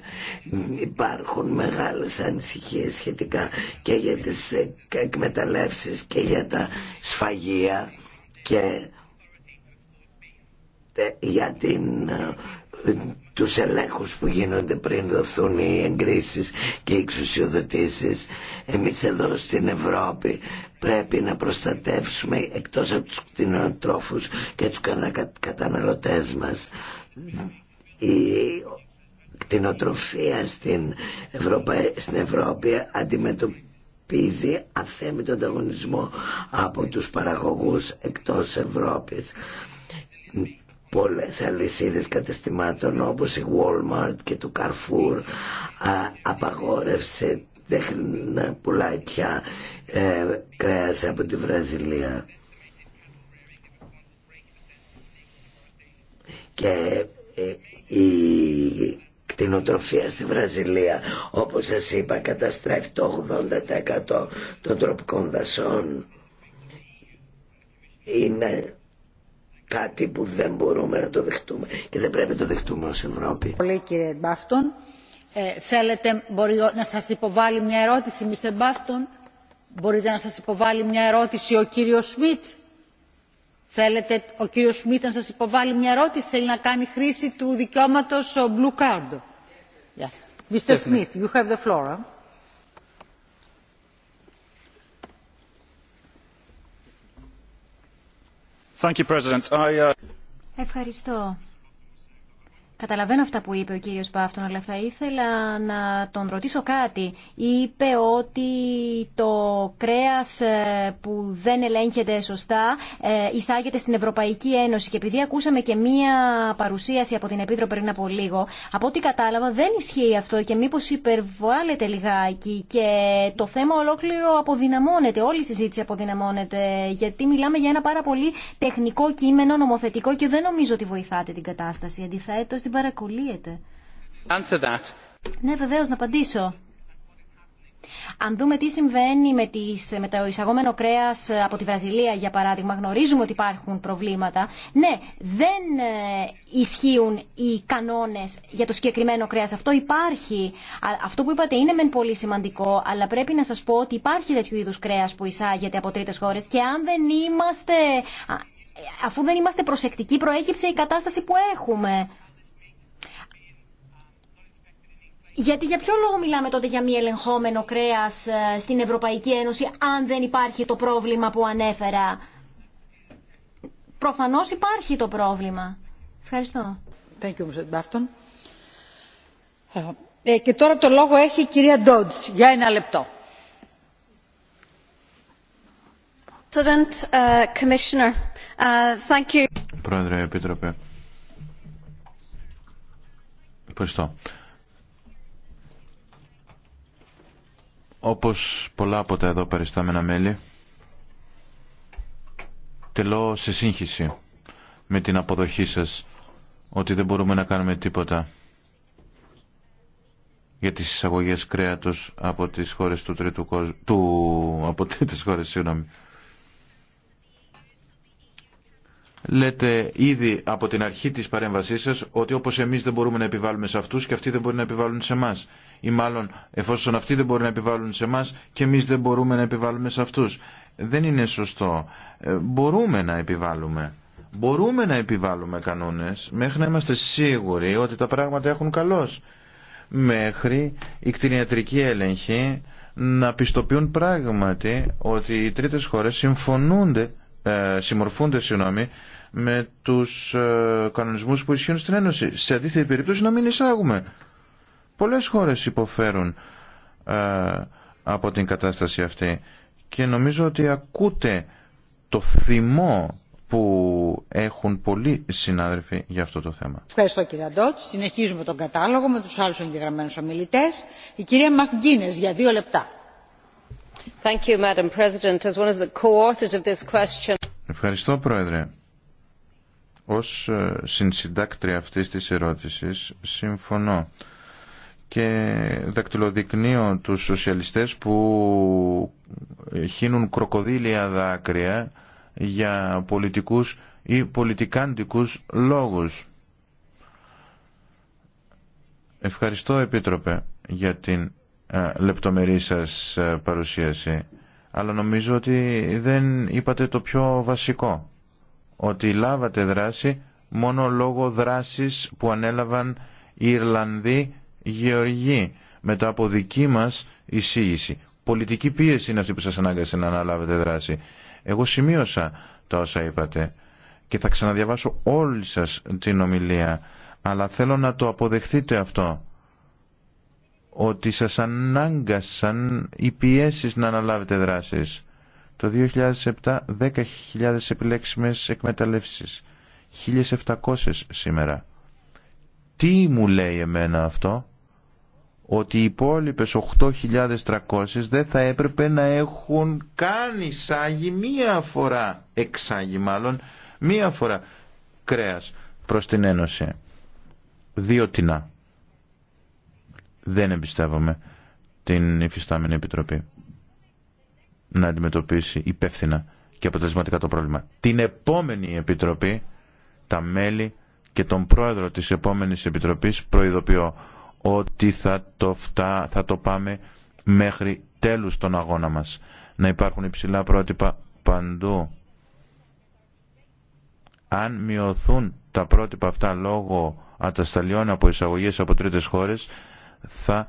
Υπάρχουν μεγάλες ανησυχίες σχετικά και για τις εκμεταλλεύσεις και για τα σφαγεία και ε, για την ε, τους ελέγχους που γίνονται πριν δοθούν οι εγκρίσεις και οι εξουσιοδοτήσεις. Εμείς εδώ στην Ευρώπη πρέπει να προστατεύσουμε εκτός από τους κτηνοτρόφους και τους καταναλωτές μας. Η κτηνοτροφία στην, Ευρώπη στην Ευρώπη αντιμετωπίζει τον ανταγωνισμό από τους παραγωγούς εκτός Ευρώπης πολλές αλυσίδες καταστημάτων όπως η Walmart και το Carrefour απαγόρευσε δεν πουλάει πια ε, κρέας από τη Βραζιλία και ε, η κτηνοτροφία στη Βραζιλία όπως σας είπα καταστρέφει το 80% των τροπικών δασών είναι κάτι που δεν μπορούμε να το δεχτούμε και δεν πρέπει να το δεχτούμε ως Ευρώπη. Πολύ κύριε Μπάφτον. Ε, θέλετε, μπορεί να σας υποβάλει μια ερώτηση, Mr. Μπάφτον. Μπορείτε να σας υποβάλει μια ερώτηση ο κύριος Σμιτ. Θέλετε ο κύριος Σμιτ να σας υποβάλει μια ερώτηση, θέλει να κάνει χρήση του δικαιώματος blue card. Yes. Mr. Smith, you have the floor. Uh, ευχαριστώ Καταλαβαίνω αυτά που είπε ο κύριος Πάφτον, αλλά θα ήθελα να τον ρωτήσω κάτι. Είπε ότι το κρέας ε, που δεν ελέγχεται σωστά ε, εισάγεται στην Ευρωπαϊκή Ένωση και επειδή ακούσαμε και μία παρουσίαση από την Επίτροπη πριν από λίγο, από ό,τι κατάλαβα δεν ισχύει αυτό και μήπως υπερβάλλεται λιγάκι και το θέμα ολόκληρο αποδυναμώνεται, όλη η συζήτηση αποδυναμώνεται γιατί μιλάμε για ένα πάρα πολύ τεχνικό κείμενο, νομοθετικό και δεν νομίζω ότι βοηθάτε την κατάσταση. Αντιθέτω παρακολύεται. Ναι, βεβαίω να απαντήσω. Αν δούμε τι συμβαίνει με, τις, με το εισαγόμενο κρέα από τη Βραζιλία, για παράδειγμα, γνωρίζουμε ότι υπάρχουν προβλήματα. Ναι, δεν ε, ισχύουν οι κανόνε για το συγκεκριμένο κρέα. Αυτό υπάρχει. Αυτό που είπατε είναι μεν πολύ σημαντικό, αλλά πρέπει να σα πω ότι υπάρχει τέτοιου είδου κρέα που εισάγεται από τρίτε χώρε και αν δεν είμαστε... Ε, αφού δεν είμαστε προσεκτικοί, προέκυψε η κατάσταση που έχουμε. Γιατί για ποιο λόγο μιλάμε τότε για μη ελεγχόμενο κρέας ε, στην Ευρωπαϊκή Ένωση αν δεν υπάρχει το πρόβλημα που ανέφερα. Προφανώς υπάρχει το πρόβλημα. Ευχαριστώ. Thank you, Mr. Bafton. Ε, ε, και τώρα το λόγο έχει η κυρία Ντότζ για ένα λεπτό. Ε, Πρόεδρε, Επίτροπε, ευχαριστώ. Όπως πολλά από τα εδώ περιστάμενα μέλη, τελώ σε σύγχυση με την αποδοχή σας ότι δεν μπορούμε να κάνουμε τίποτα για τις εισαγωγές κρέατος από τις χώρες του τρίτου κόσμου, του, από τρίτες χώρες, Λέτε ήδη από την αρχή της παρέμβασής σας ότι όπως εμείς δεν μπορούμε να επιβάλλουμε σε αυτούς και αυτοί δεν μπορούν να επιβάλλουν σε εμά. Ή μάλλον εφόσον αυτοί δεν μπορεί να επιβάλλουν σε εμά και εμείς δεν μπορούμε να επιβάλλουμε σε αυτούς. Δεν είναι σωστό. Ε, μπορούμε να επιβάλλουμε. Μπορούμε να επιβάλλουμε κανόνες μέχρι να είμαστε σίγουροι ότι τα πράγματα έχουν καλώς. Μέχρι η κτηνιατρική δεν μπορουν να πιστοποιούν πράγματι ότι οι τρίτες χώρες συμφωνούνται ε, συμμορφούνται συγγνώμη, με τους ε, κανονισμούς που ισχύουν στην Ένωση. Σε αντίθετη περίπτωση να μην εισάγουμε. Πολλέ χώρες υποφέρουν ε, από την κατάσταση αυτή και νομίζω ότι ακούτε το θυμό που έχουν πολλοί συνάδελφοι για αυτό το θέμα. Ευχαριστώ κύριε Αντότ. Συνεχίζουμε τον κατάλογο με τους άλλους εγγεγραμμένους ομιλητές. Η κυρία Μαγκίνες για δύο λεπτά. Ευχαριστώ, Πρόεδρε. Ως ε, συνσυντάκτρια αυτής της ερώτησης, συμφωνώ και δακτυλοδεικνύω τους σοσιαλιστές που χύνουν κροκοδίλια δάκρυα για πολιτικούς ή πολιτικάντικους λόγους. Ευχαριστώ Επίτροπε για την ε, λεπτομερή σας ε, παρουσίαση αλλά νομίζω ότι δεν είπατε το πιο βασικό ότι λάβατε δράση μόνο λόγω δράσης που ανέλαβαν οι Ιρλανδοί γεωργοί μετά από δική μας εισήγηση. Πολιτική πίεση είναι αυτή που σας ανάγκασε να αναλάβετε δράση. Εγώ σημείωσα τα όσα είπατε και θα ξαναδιαβάσω όλη σας την ομιλία αλλά θέλω να το αποδεχτείτε αυτό ότι σας ανάγκασαν οι πιέσεις να αναλάβετε δράσεις. Το 2007 10.000 επιλέξιμες εκμεταλλεύσεις. 1.700 σήμερα. Τι μου λέει εμένα αυτό? Ότι οι υπόλοιπες 8.300 δεν θα έπρεπε να έχουν καν εισάγει μία φορά, εξάγει μάλλον, μία φορά κρέας προς την Ένωση. Δύο τινά δεν εμπιστεύομαι την υφιστάμενη Επιτροπή να αντιμετωπίσει υπεύθυνα και αποτελεσματικά το πρόβλημα. Την επόμενη Επιτροπή, τα μέλη και τον πρόεδρο της επόμενης Επιτροπής προειδοποιώ ότι θα το, θα το πάμε μέχρι τέλους τον αγώνα μας. Να υπάρχουν υψηλά πρότυπα παντού. Αν μειωθούν τα πρότυπα αυτά λόγω ατασταλιών από εισαγωγές από τρίτες χώρες, θα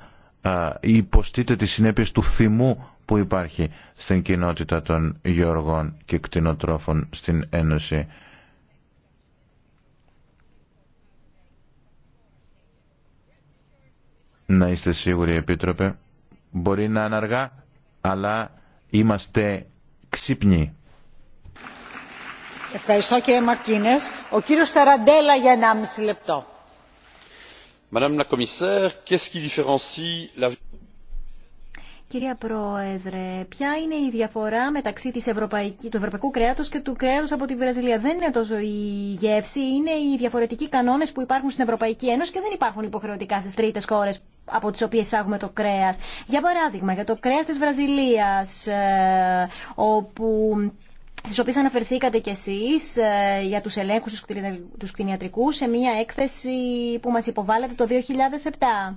υποστείτε τις συνέπειες του θυμού που υπάρχει στην κοινότητα των γεωργών και κτηνοτρόφων στην Ένωση. Να είστε σίγουροι, Επίτροπε. Μπορεί να είναι αργά, αλλά είμαστε ξύπνοι. Ευχαριστώ κύριε Μακίνες. Ο κύριος Ταραντέλα για 1,5 λεπτό. Κυρία Πρόεδρε, ποια είναι η διαφορά μεταξύ της του ευρωπαϊκού κρέατος και του κρέατος από τη Βραζιλία. Δεν είναι τόσο η γεύση, είναι οι διαφορετικοί κανόνες που υπάρχουν στην Ευρωπαϊκή Ένωση και δεν υπάρχουν υποχρεωτικά στις τρίτες χώρες από τις οποίες εισάγουμε το κρέας. Για παράδειγμα, για το κρέας της Βραζιλίας, ε, όπου στις οποίες αναφερθήκατε κι εσείς ε, για τους ελέγχους τους κτηνιατρικούς σε μια έκθεση που μας υποβάλλατε το 2007.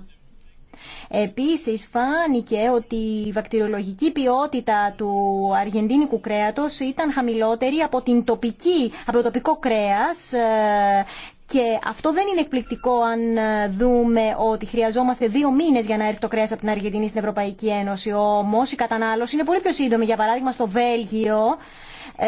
Επίσης φάνηκε ότι η βακτηριολογική ποιότητα του αργεντίνικου κρέατος ήταν χαμηλότερη από, την τοπική, από το τοπικό κρέας ε, και αυτό δεν είναι εκπληκτικό αν ε, δούμε ότι χρειαζόμαστε δύο μήνες για να έρθει το κρέας από την Αργεντινή στην Ευρωπαϊκή Ένωση. Όμως η κατανάλωση είναι πολύ πιο σύντομη. Για παράδειγμα στο Βέλγιο ε,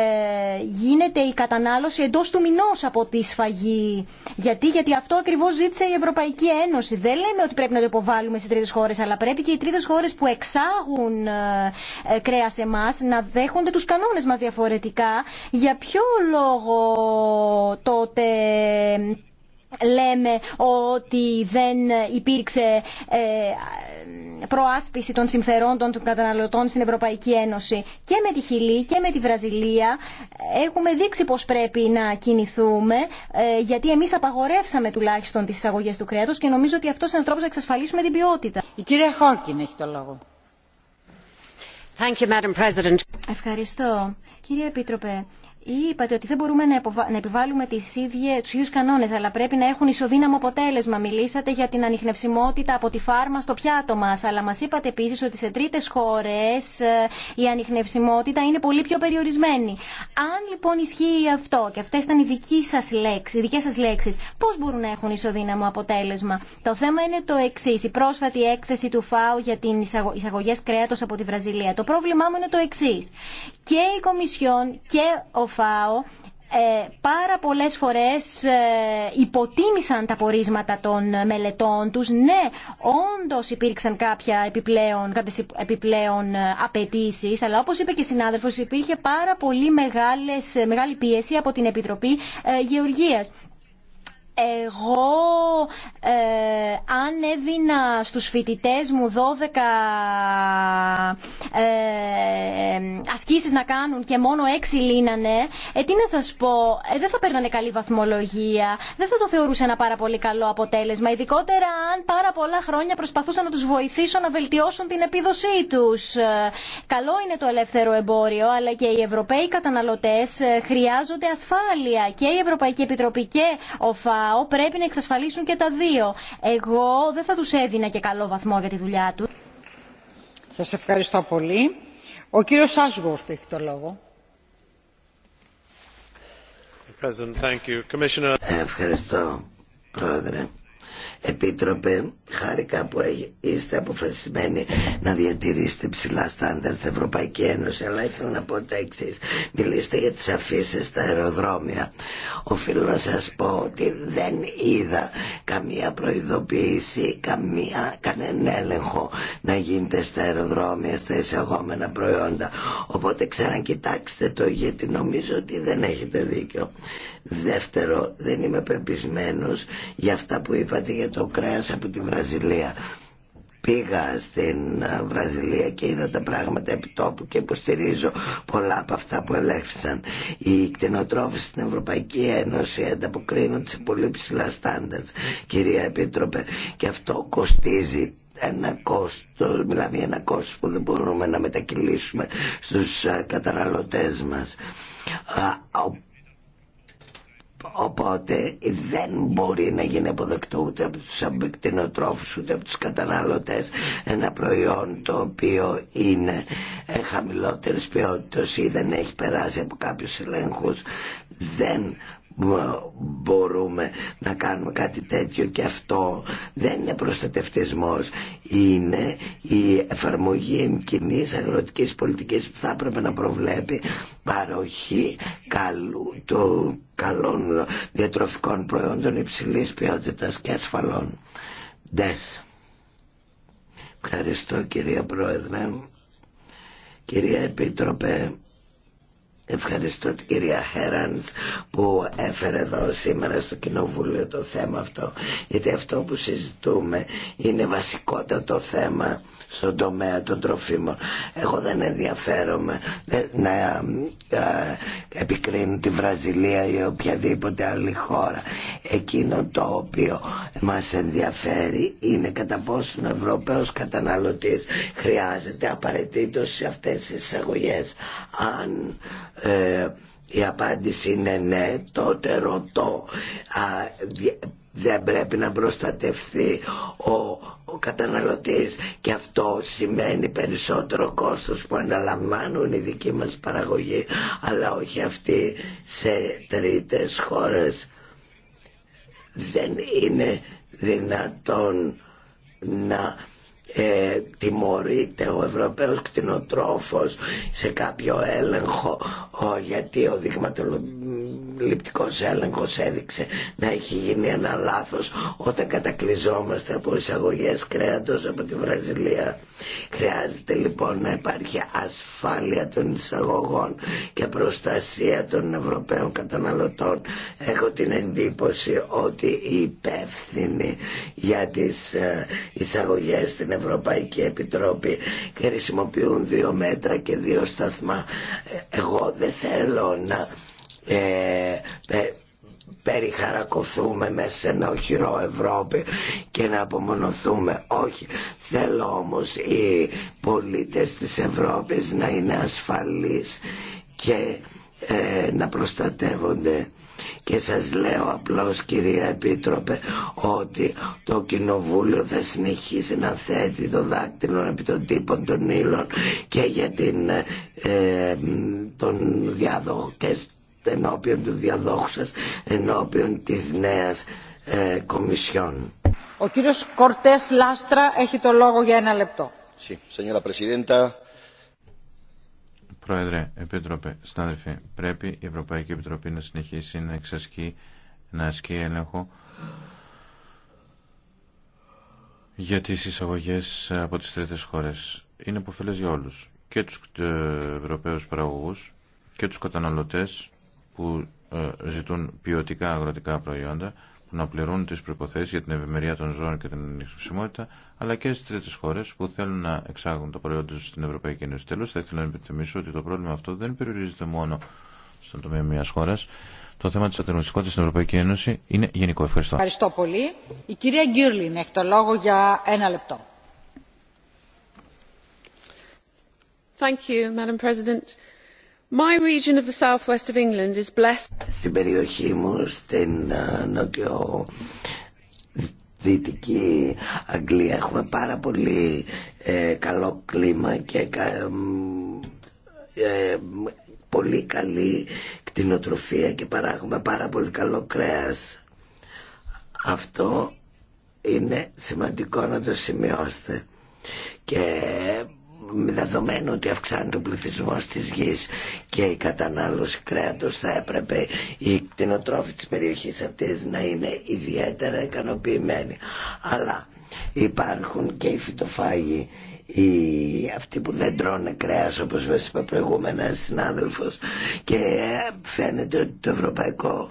γίνεται η κατανάλωση εντός του μηνός από τη σφαγή. Γιατί, γιατί αυτό ακριβώς ζήτησε η Ευρωπαϊκή Ένωση. Δεν λέμε ότι πρέπει να το υποβάλουμε σε τρίτες χώρες, αλλά πρέπει και οι τρίτες χώρες που εξάγουν ε, κρέα σε εμά να δέχονται τους κανόνες μας διαφορετικά. Για ποιο λόγο τότε λέμε ότι δεν υπήρξε ε, προάσπιση των συμφερόντων των καταναλωτών στην Ευρωπαϊκή Ένωση. Και με τη Χιλή και με τη Βραζιλία έχουμε δείξει πώς πρέπει να κινηθούμε, ε, γιατί εμείς απαγορεύσαμε τουλάχιστον τις εισαγωγές του κρέατος και νομίζω ότι αυτός είναι ο τρόπος να εξασφαλίσουμε την ποιότητα. Η κυρία Χόρκιν έχει το λόγο. Thank you, Madam Ευχαριστώ. Κύριε Επίτροπε, Είπατε ότι δεν μπορούμε να επιβάλλουμε τις ίδιες, τους ίδιους κανόνες, αλλά πρέπει να έχουν ισοδύναμο αποτέλεσμα. Μιλήσατε για την ανιχνευσιμότητα από τη φάρμα στο πιάτο μας, αλλά μας είπατε επίσης ότι σε τρίτες χώρες ε, η ανιχνευσιμότητα είναι πολύ πιο περιορισμένη. Αν λοιπόν ισχύει αυτό, και αυτές ήταν οι, δική σας λέξη, οι δικές σας λέξεις, πώς μπορούν να έχουν ισοδύναμο αποτέλεσμα. Το θέμα είναι το εξή. Η πρόσφατη έκθεση του ΦΑΟ για την εισαγωγές κρέατος από τη Βραζιλία. Το πρόβλημά μου είναι το εξή. Και η Κομισιόν και ο ε, πάρα πολλές φορές ε, υποτίμησαν τα πορίσματα των μελετών τους. Ναι, όντως υπήρξαν κάποια επιπλέον, κάποιες επιπλέον ε, απαιτήσει, αλλά όπως είπε και η συνάδελφος υπήρχε πάρα πολύ μεγάλες, μεγάλη πίεση από την Επιτροπή Γεωργίας εγώ ε, αν έδινα στους φοιτητές μου 12 ε, ασκήσεις να κάνουν και μόνο 6 λύνανε, ε, τι να σας πω, ε, δεν θα παίρνανε καλή βαθμολογία, δεν θα το θεωρούσε ένα πάρα πολύ καλό αποτέλεσμα, ειδικότερα αν πάρα πολλά χρόνια προσπαθούσα να τους βοηθήσω να βελτιώσουν την επίδοσή τους. Καλό είναι το ελεύθερο εμπόριο, αλλά και οι Ευρωπαίοι καταναλωτές χρειάζονται ασφάλεια και η Ευρωπαϊκή Επιτροπή και ο πρέπει να εξασφαλίσουν και τα δύο. Εγώ δεν θα τους έδινα και καλό βαθμό για τη δουλειά του. Σας ευχαριστώ πολύ. Ο κύριος Άσγουρθ έχει το λόγο. Ευχαριστώ, Πρόεδρε. Επίτροπε, χάρηκα που είστε αποφασισμένοι να διατηρήσετε ψηλά στάνταρ στην Ευρωπαϊκή Ένωση, αλλά ήθελα να πω το εξή. Μιλήστε για τις αφήσει στα αεροδρόμια. Οφείλω να σας πω ότι δεν είδα καμία προειδοποίηση, καμία, κανένα έλεγχο να γίνεται στα αεροδρόμια, στα εισαγόμενα προϊόντα. Οπότε ξανακοιτάξτε το γιατί νομίζω ότι δεν έχετε δίκιο. Δεύτερο, δεν είμαι πεπισμένος για αυτά που είπατε για το κρέας από τη Βραζιλία. Πήγα στην ε, Βραζιλία και είδα τα πράγματα επί τόπου και υποστηρίζω πολλά από αυτά που ελέγχθησαν. Οι κτηνοτρόφοι στην Ευρωπαϊκή Ένωση ανταποκρίνονται σε πολύ ψηλά στάνταρτ, κυρία Επίτροπε, και αυτό κοστίζει ένα κόστος, μιλάμε ένα κόστος που δεν μπορούμε να μετακυλήσουμε στους ε, καταναλωτές μας. Οπότε δεν μπορεί να γίνει αποδεκτό ούτε από τους αμπεκτηνοτρόφους ούτε από τους καταναλωτές ένα προϊόν το οποίο είναι ε, χαμηλότερης ποιότητας ή δεν έχει περάσει από κάποιους ελέγχους δεν μπορούμε να κάνουμε κάτι τέτοιο και αυτό δεν είναι προστατευτισμός είναι η εφαρμογή κοινή αγροτικής πολιτικής που θα έπρεπε να προβλέπει παροχή καλού, το, καλών διατροφικών προϊόντων υψηλής ποιότητας και ασφαλών Δες. Ευχαριστώ κυρία Πρόεδρε Κυρία Επίτροπε Ευχαριστώ την κυρία Χέρανς που έφερε εδώ σήμερα στο Κοινοβούλιο το θέμα αυτό γιατί αυτό που συζητούμε είναι βασικότατο θέμα στον τομέα των τροφίμων. Εγώ δεν ενδιαφέρομαι ε, να ε, επικρίνω τη Βραζιλία ή οποιαδήποτε άλλη χώρα. Εκείνο το οποίο μας ενδιαφέρει είναι κατά πόσο ο Ευρωπαίος καταναλωτής χρειάζεται απαραίτητο σε αυτές τις εισαγωγές. Αν ε, η απάντηση είναι ναι, τότε ρωτώ. Α, δεν πρέπει να προστατευθεί ο, ο καταναλωτής και αυτό σημαίνει περισσότερο κόστος που αναλαμβάνουν οι δικοί μας παραγωγοί αλλά όχι αυτοί σε τρίτες χώρες δεν είναι δυνατόν να ε, τιμωρείται ο Ευρωπαίος κτηνοτρόφος σε κάποιο έλεγχο γιατί ο δειγματοληπτικός έλεγχος έδειξε να έχει γίνει ένα λάθος όταν κατακλυζόμαστε από εισαγωγές κρέατος από τη Βραζιλία χρειάζεται λοιπόν να υπάρχει ασφάλεια των εισαγωγών και προστασία των Ευρωπαίων καταναλωτών έχω την εντύπωση ότι οι υπεύθυνοι για τις ε, εισαγωγές στην Ευρωπαϊκή Ευρωπαϊκή Επιτροπή χρησιμοποιούν δύο μέτρα και δύο σταθμά. Ε, εγώ δεν θέλω να ε, ε, περιχαρακωθούμε μέσα σε ένα οχυρό Ευρώπη και να απομονωθούμε. Όχι, θέλω όμως οι πολίτες της Ευρώπης να είναι ασφαλείς και ε, να προστατεύονται και σας λέω απλώς κυρία Επίτροπε ότι το Κοινοβούλιο θα συνεχίσει να θέτει το δάκτυλο επί των τύπων των ύλων και για την, ε, τον διάδοχο και ενώπιον του διαδόχου σας ενώπιον της νέας ε, Κομισιόν. Ο κύριος Κορτές Λάστρα έχει το λόγο για ένα λεπτό. Sí, Πρόεδρε, Επίτροπε, συνάδελφοι, πρέπει η Ευρωπαϊκή Επιτροπή να συνεχίσει να εξασκεί, να ασκεί έλεγχο για τις εισαγωγές από τις τρίτες χώρες. Είναι υποφελές για όλους, και τους ε, Ευρωπαίους παραγωγούς και τους καταναλωτές που ε, ζητούν ποιοτικά αγροτικά προϊόντα που να πληρούν τις προϋποθέσεις για την ευημερία των ζώων και την αλλά και στι τρίτε χώρε που θέλουν να εξάγουν τα προϊόντα του στην Ευρωπαϊκή Ένωση. Τέλο, θα ήθελα να επιθυμήσω ότι το πρόβλημα αυτό δεν περιορίζεται μόνο στον τομέα μια χώρα. Το θέμα τη ανταγωνιστικότητα στην Ευρωπαϊκή Ένωση είναι γενικό. Ευχαριστώ. Ευχαριστώ πολύ. Η κυρία Γκίρλιν έχει το λόγο για ένα λεπτό. Thank you, Madam President. My region of the southwest of England is blessed. Στην περιοχή μου, στην ε, νότιο Δυτική Αγγλία έχουμε πάρα πολύ ε, καλό κλίμα και ε, πολύ καλή κτηνοτροφία και παράγουμε πάρα πολύ καλό κρέας. Αυτό είναι σημαντικό να το σημειώσετε με δεδομένο ότι αυξάνεται ο πληθυσμό της γης και η κατανάλωση κρέατος θα έπρεπε η κτηνοτρόφοι της περιοχής αυτής να είναι ιδιαίτερα ικανοποιημένοι αλλά υπάρχουν και οι φυτοφάγοι οι, αυτοί που δεν τρώνε κρέας όπως μας είπα προηγούμενα συνάδελφος και φαίνεται ότι το Ευρωπαϊκό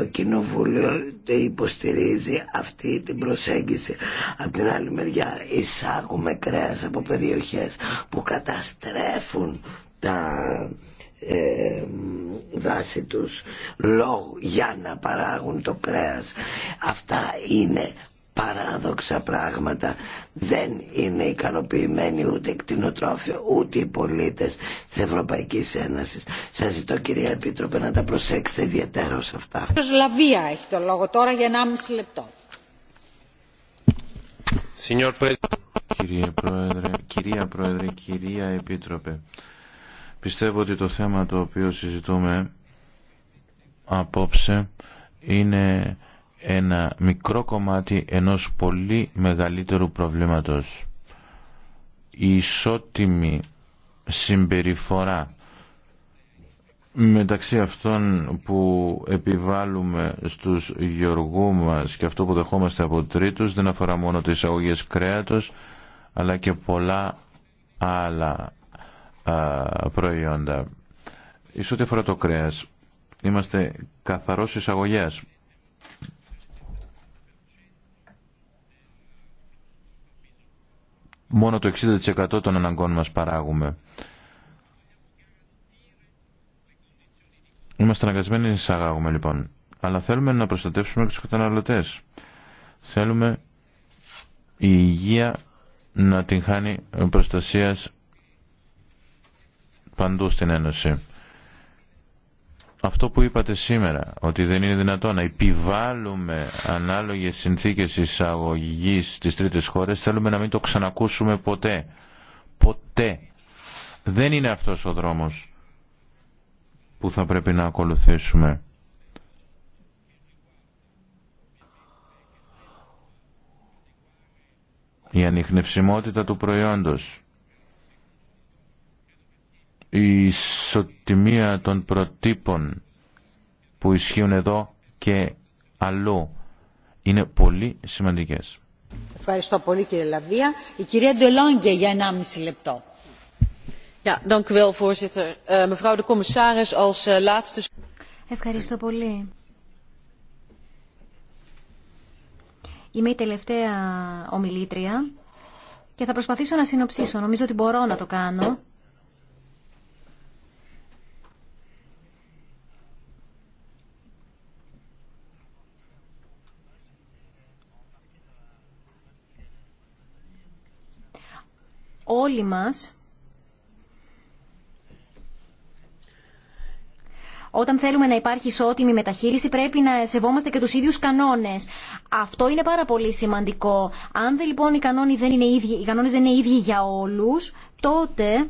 ε, Κοινοβούλιο υποστηρίζει αυτή την προσέγγιση από την άλλη μεριά εισάγουμε κρέας από περιοχές που καταστρέφουν τα δάση ε, τους λόγου για να παράγουν το κρέας αυτά είναι παράδοξα πράγματα δεν είναι ικανοποιημένοι ούτε κτηνοτρόφοι ούτε οι πολίτες της Ευρωπαϊκής Ένωσης. Σας ζητώ κυρία Επίτροπε να τα προσέξετε ιδιαίτερα σε αυτά. Ο Λαβία έχει το λόγο τώρα για 1,5 λεπτό. Κυρία Πρόεδρε, κυρία Πρόεδρε, κυρία Επίτροπε, πιστεύω ότι το θέμα το οποίο συζητούμε απόψε είναι ένα μικρό κομμάτι ενός πολύ μεγαλύτερου προβλήματος. Η ισότιμη συμπεριφορά μεταξύ αυτών που επιβάλλουμε στους γεωργού μας και αυτό που δεχόμαστε από τρίτους δεν αφορά μόνο τις αγωγές κρέατος αλλά και πολλά άλλα α, προϊόντα. Εις ό,τι αφορά το κρέας, είμαστε καθαρός εισαγωγέας μόνο το 60% των αναγκών μας παράγουμε. Είμαστε αναγκασμένοι να εισαγάγουμε λοιπόν. Αλλά θέλουμε να προστατεύσουμε και τους καταναλωτές. Θέλουμε η υγεία να την χάνει προστασίας παντού στην Ένωση αυτό που είπατε σήμερα, ότι δεν είναι δυνατό να επιβάλλουμε ανάλογες συνθήκες εισαγωγής στις τρίτες χώρες, θέλουμε να μην το ξανακούσουμε ποτέ. Ποτέ. Δεν είναι αυτός ο δρόμος που θα πρέπει να ακολουθήσουμε. Η ανιχνευσιμότητα του προϊόντος η ισοτιμία των προτύπων που ισχύουν εδώ και αλλού είναι πολύ σημαντικές. Ευχαριστώ πολύ κύριε Λαβία. Η κυρία Ντελόγκε για 1,5 λεπτό. Ευχαριστώ πολύ. Είμαι η τελευταία ομιλήτρια και θα προσπαθήσω να συνοψίσω. Νομίζω ότι μπορώ να το κάνω. όλοι μας Όταν θέλουμε να υπάρχει ισότιμη μεταχείριση πρέπει να σεβόμαστε και τους ίδιους κανόνες. Αυτό είναι πάρα πολύ σημαντικό. Αν λοιπόν οι κανόνες δεν είναι ίδιοι, οι κανόνες δεν είναι ίδιοι για όλους, τότε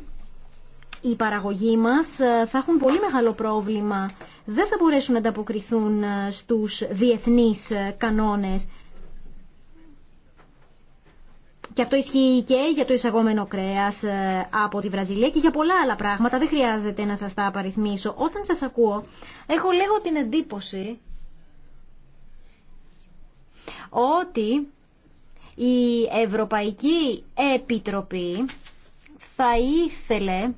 οι παραγωγοί μας ε, θα έχουν πολύ μεγάλο πρόβλημα. Δεν θα μπορέσουν να ανταποκριθούν ε, στους διεθνείς ε, κανόνες. Και αυτό ισχύει και για το εισαγόμενο κρέας ε, από τη Βραζιλία και για πολλά άλλα πράγματα. Δεν χρειάζεται να σα τα απαριθμίσω. Όταν σας ακούω, έχω λίγο την εντύπωση ότι η Ευρωπαϊκή Επιτροπή θα ήθελε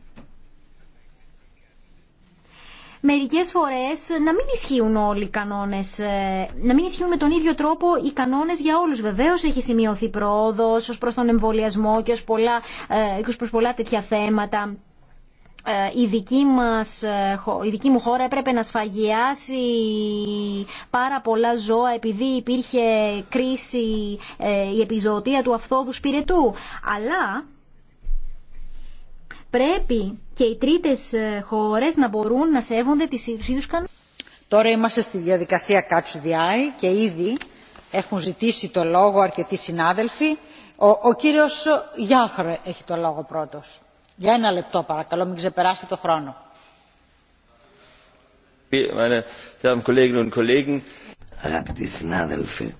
Μερικέ φορές να μην ισχύουν όλοι οι κανόνες, ε, να μην ισχύουν με τον ίδιο τρόπο οι κανόνες για όλους. Βεβαίω έχει σημειωθεί πρόοδο ω προ τον εμβολιασμό και ω πολλά, ε, πολλά τέτοια θέματα ε, η δική, μας, η δική μου χώρα έπρεπε να σφαγιάσει πάρα πολλά ζώα επειδή υπήρχε κρίση η επιζωτία του αυθόδου σπυρετού. Αλλά πρέπει και οι τρίτες ε, χώρες να μπορούν να σέβονται τις ίδιους κανόνες. Τώρα είμαστε στη διαδικασία Catch the Eye και ήδη έχουν ζητήσει το λόγο αρκετοί συνάδελφοι. Ο, ο κύριος Γιάχρε έχει το λόγο πρώτος. Για ένα λεπτό παρακαλώ, μην ξεπεράσετε το χρόνο. Αγαπητοί συνάδελφοι,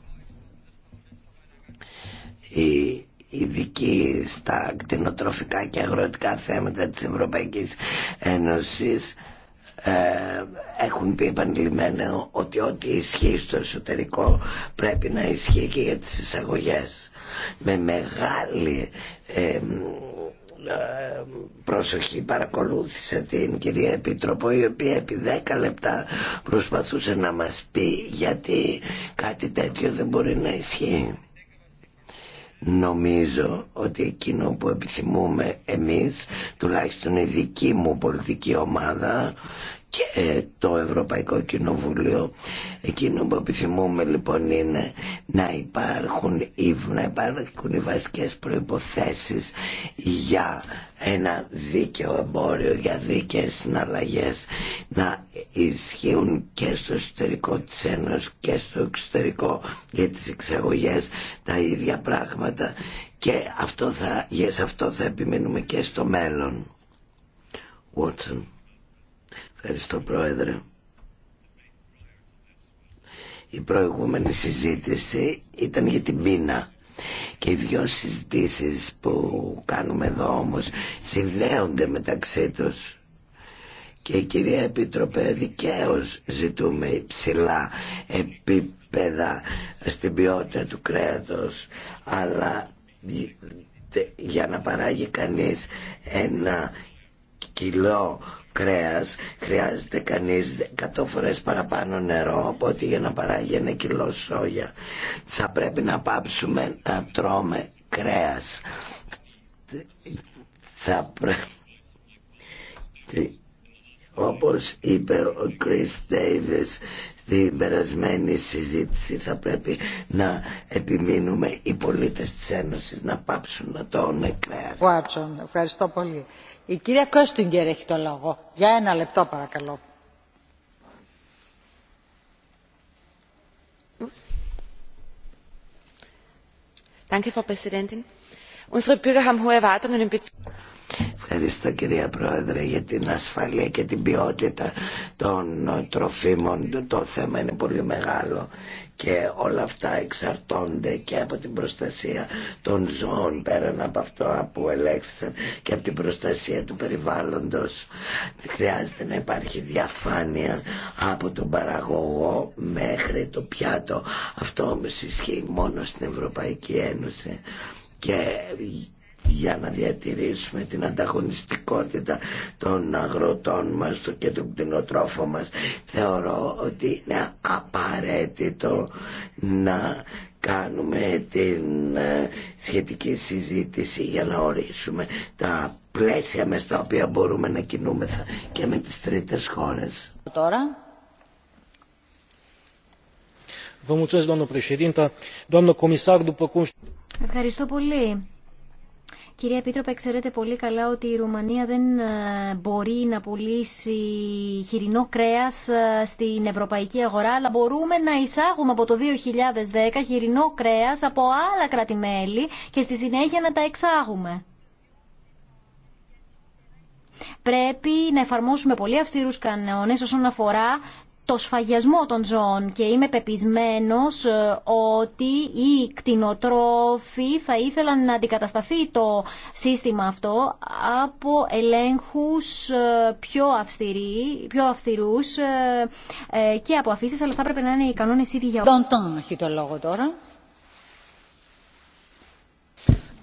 η ειδική στα κτηνοτροφικά και αγροτικά θέματα της Ευρωπαϊκής Ένωσης ε, έχουν πει επανειλημμένα ότι ό,τι ισχύει στο εσωτερικό πρέπει να ισχύει και για τις εισαγωγές με μεγάλη ε, προσοχή παρακολούθησε την κυρία Επίτροπο η οποία επί 10 λεπτά προσπαθούσε να μας πει γιατί κάτι τέτοιο δεν μπορεί να ισχύει Νομίζω ότι εκείνο που επιθυμούμε εμείς, τουλάχιστον η δική μου πολιτική ομάδα και το Ευρωπαϊκό Κοινοβουλίο. Εκείνο που επιθυμούμε λοιπόν είναι να υπάρχουν ή να υπάρχουν οι βασικές προϋποθέσεις για ένα δίκαιο εμπόριο, για δίκαιες συναλλαγές να ισχύουν και στο εσωτερικό της Ένωσης και στο εξωτερικό για τις εξαγωγές τα ίδια πράγματα και αυτό θα, σε αυτό θα επιμείνουμε και στο μέλλον. Watson. Ευχαριστώ Πρόεδρε. Η προηγούμενη συζήτηση ήταν για την πείνα και οι δυο συζητήσεις που κάνουμε εδώ όμως συνδέονται μεταξύ τους και η κυρία Επίτροπε δικαίως ζητούμε υψηλά επίπεδα στην ποιότητα του κρέατος αλλά για να παράγει κανείς ένα κιλό κρέας χρειάζεται κανείς 100 φορές παραπάνω νερό από ότι για να παράγει ένα κιλό σόγια. Θα πρέπει να πάψουμε να τρώμε κρέας. Θα πρέπει... Όπως είπε ο Chris Davis στην περασμένη συζήτηση θα πρέπει να επιμείνουμε οι πολίτες της Ένωσης να πάψουν να τρώνε κρέας. Ευχαριστώ πολύ. Η κυρία Κώστιγκερ έχει το λόγο. Για ένα λεπτό παρακαλώ. Ευχαριστώ κυρία Πρόεδρε για την ασφαλεία και την ποιότητα των ε, τροφίμων το θέμα είναι πολύ μεγάλο και όλα αυτά εξαρτώνται και από την προστασία των ζώων πέραν από αυτό που ελέγχθησαν και από την προστασία του περιβάλλοντος χρειάζεται να υπάρχει διαφάνεια από τον παραγωγό μέχρι το πιάτο αυτό όμως ισχύει μόνο στην Ευρωπαϊκή Ένωση και για να διατηρήσουμε την ανταγωνιστικότητα των αγροτών μας και των κτηνοτρόφων μας θεωρώ ότι είναι απαραίτητο να κάνουμε την ε, σχετική συζήτηση για να ορίσουμε τα πλαίσια με στα οποία μπορούμε να κινούμεθα και με τις τρίτες χώρες. Τώρα. Ευχαριστώ πολύ. Κυρία Επίτροπε, ξέρετε πολύ καλά ότι η Ρουμανία δεν ε, μπορεί να πουλήσει χοιρινό κρέας ε, στην ευρωπαϊκή αγορά, αλλά μπορούμε να εισάγουμε από το 2010 χοιρινό κρέας από άλλα κράτη-μέλη και στη συνέχεια να τα εξάγουμε. Πρέπει να εφαρμόσουμε πολύ αυστηρούς κανόνες όσον αφορά το σφαγιασμό των ζώων και είμαι πεπισμένος ε, ότι οι κτηνοτρόφοι θα ήθελαν να αντικατασταθεί το σύστημα αυτό από ελέγχους ε, πιο, αυστηροί, πιο αυστηρούς ε, και από αφήσεις, αλλά θα έπρεπε να είναι οι κανόνες ήδη για όλους. έχει το λόγο τώρα.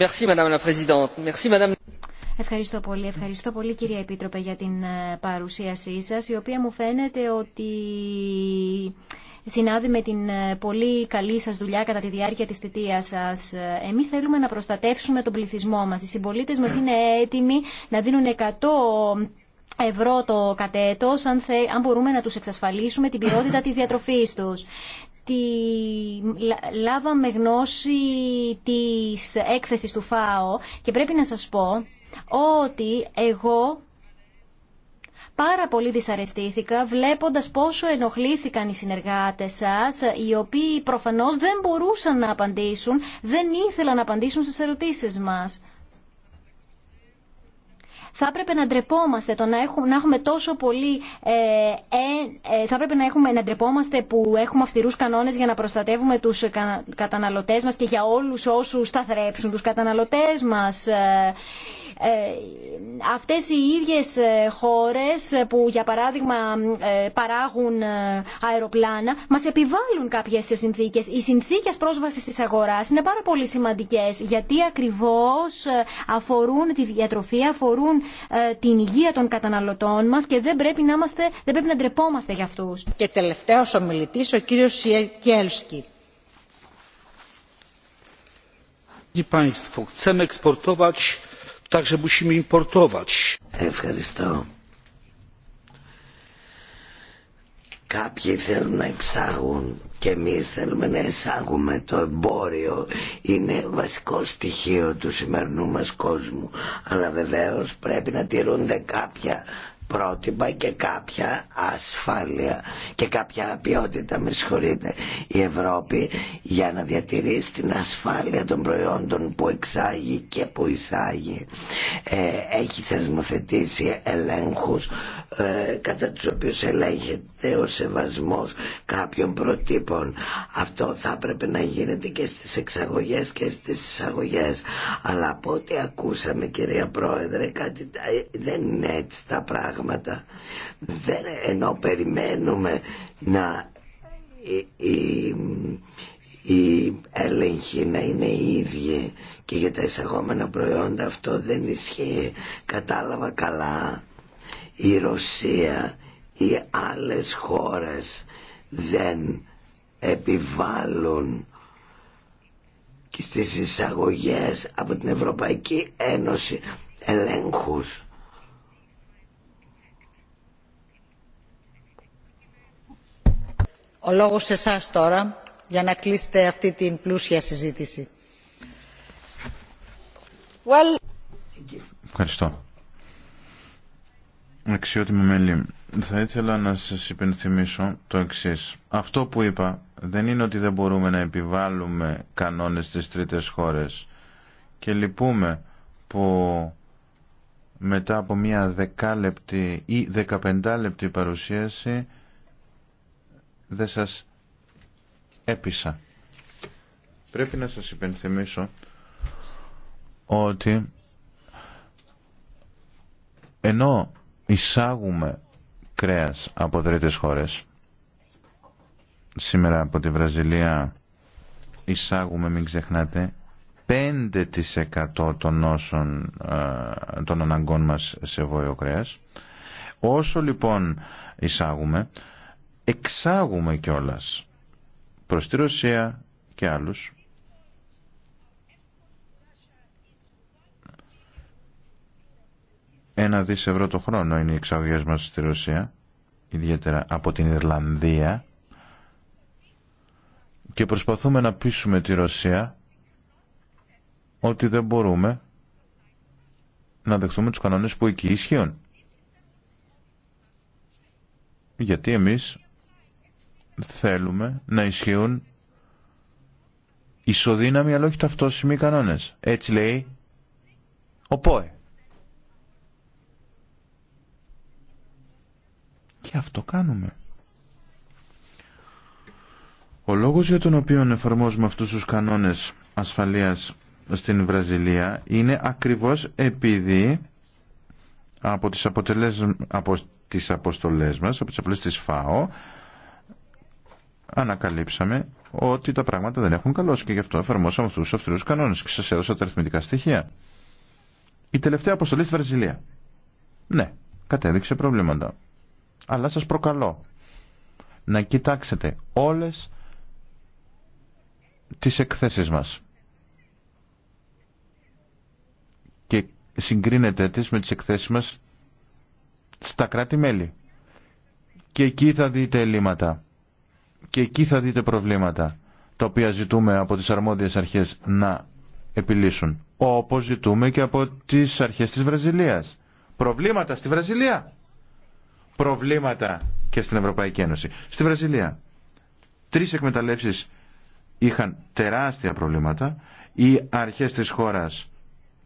Merci, Madame la Présidente. Merci, Madame... Ευχαριστώ πολύ. Ευχαριστώ πολύ κυρία Επίτροπε για την ε, παρουσίασή σας, η οποία μου φαίνεται ότι συνάδει με την ε, πολύ καλή σας δουλειά κατά τη διάρκεια της θητείας σας. Ε, εμείς θέλουμε να προστατεύσουμε τον πληθυσμό μας. Οι συμπολίτες μας είναι έτοιμοι να δίνουν 100 ευρώ το κατέτος αν, αν μπορούμε να τους εξασφαλίσουμε την ποιότητα της διατροφής τους τη, λάβαμε γνώση της έκθεσης του ΦΑΟ και πρέπει να σας πω ότι εγώ πάρα πολύ δυσαρεστήθηκα βλέποντας πόσο ενοχλήθηκαν οι συνεργάτες σας, οι οποίοι προφανώς δεν μπορούσαν να απαντήσουν, δεν ήθελαν να απαντήσουν στις ερωτήσεις μας. Θα έπρεπε να ντρεπόμαστε το να έχουμε, τόσο πολύ. Ε, ε, ε θα να, έχουμε, να ντρεπόμαστε που έχουμε αυστηρού κανόνε για να προστατεύουμε του καταναλωτέ μα και για όλου όσου θα θρέψουν του καταναλωτέ μα. Ε, ε, αυτές οι ίδιες ε, χώρες ε, που για παράδειγμα παράγουν αεροπλάνα μας επιβάλλουν κάποιες συνθήκες. Οι συνθήκες πρόσβασης της αγοράς είναι πάρα πολύ σημαντικές γιατί ακριβώς αφορούν τη διατροφή, αφορούν την υγεία των καταναλωτών μας και δεν πρέπει να, δεν πρέπει να ντρεπόμαστε για αυτούς. Και τελευταίος ο μιλητής, ο κύριος Chcemy eksportować Ευχαριστώ. Κάποιοι θέλουν να εξάγουν και εμεί θέλουμε να εισάγουμε το εμπόριο. Είναι βασικό στοιχείο του σημερινού μας κόσμου. Αλλά βεβαίως πρέπει να τηρούνται κάποια πρότυπα και κάποια ασφάλεια και κάποια ποιότητα, με συγχωρείτε, η Ευρώπη για να διατηρήσει την ασφάλεια των προϊόντων που εξάγει και που εισάγει. Ε, έχει θεσμοθετήσει ελέγχους ε, κατά τους οποίους ελέγχεται ο σεβασμός κάποιων προτύπων. Αυτό θα έπρεπε να γίνεται και στις εξαγωγές και στις εισαγωγές. Αλλά από ό,τι ακούσαμε κυρία Πρόεδρε, κάτι, ε, δεν είναι έτσι τα πράγματα πράγματα δεν, ενώ περιμένουμε να η να είναι οι και για τα εισαγόμενα προϊόντα αυτό δεν ισχύει κατάλαβα καλά η Ρωσία ή άλλες χώρες δεν επιβάλλουν και στις εισαγωγές από την Ευρωπαϊκή Ένωση ελέγχους Ο λόγος σε εσά τώρα για να κλείσετε αυτή την πλούσια συζήτηση. Ευχαριστώ. Αξιότιμη μέλη, θα ήθελα να σας υπενθυμίσω το εξής. Αυτό που είπα δεν είναι ότι δεν μπορούμε να επιβάλλουμε κανόνες στις τρίτες χώρες και λυπούμε που μετά από μια δεκάλεπτη ή δεκαπεντάλεπτη παρουσίαση δεν σας έπεισα. Πρέπει να σας υπενθυμίσω ότι ενώ εισάγουμε κρέας από τρίτες χώρες σήμερα από τη Βραζιλία εισάγουμε μην ξεχνάτε 5% των όσων των αναγκών μας σε βόλιο κρέας όσο λοιπόν εισάγουμε εξάγουμε κιόλα. προς τη Ρωσία και άλλους ένα δις το χρόνο είναι οι εξαγωγές μας στη Ρωσία ιδιαίτερα από την Ιρλανδία και προσπαθούμε να πείσουμε τη Ρωσία ότι δεν μπορούμε να δεχτούμε τους κανόνες που εκεί ισχύουν. Γιατί εμείς θέλουμε να ισχύουν ισοδύναμοι αλλά όχι ταυτόσιμοι κανόνες. Έτσι λέει ο ΠΟΕ. Και αυτό κάνουμε. Ο λόγος για τον οποίο εφαρμόζουμε αυτούς τους κανόνες ασφαλείας στην Βραζιλία είναι ακριβώς επειδή από τις, αποτελέσ... από τις αποστολές μας, από τις αποστολές της ΦΑΟ, ανακαλύψαμε ότι τα πράγματα δεν έχουν καλώσει και γι' αυτό εφαρμόσαμε αυτού του αυστηρού κανόνε και σα έδωσα τα αριθμητικά στοιχεία. Η τελευταία αποστολή στη Βραζιλία. Ναι, κατέδειξε προβλήματα. Αλλά σα προκαλώ να κοιτάξετε όλε τι εκθέσει μα. και συγκρίνετε τις με τις εκθέσεις μας στα κράτη-μέλη. Και εκεί θα δείτε ελλείμματα και εκεί θα δείτε προβλήματα τα οποία ζητούμε από τις αρμόδιες αρχές να επιλύσουν. Όπως ζητούμε και από τις αρχές της Βραζιλίας. Προβλήματα στη Βραζιλία. Προβλήματα και στην Ευρωπαϊκή Ένωση. Στη Βραζιλία. Τρεις εκμεταλλεύσεις είχαν τεράστια προβλήματα. Οι αρχές της χώρας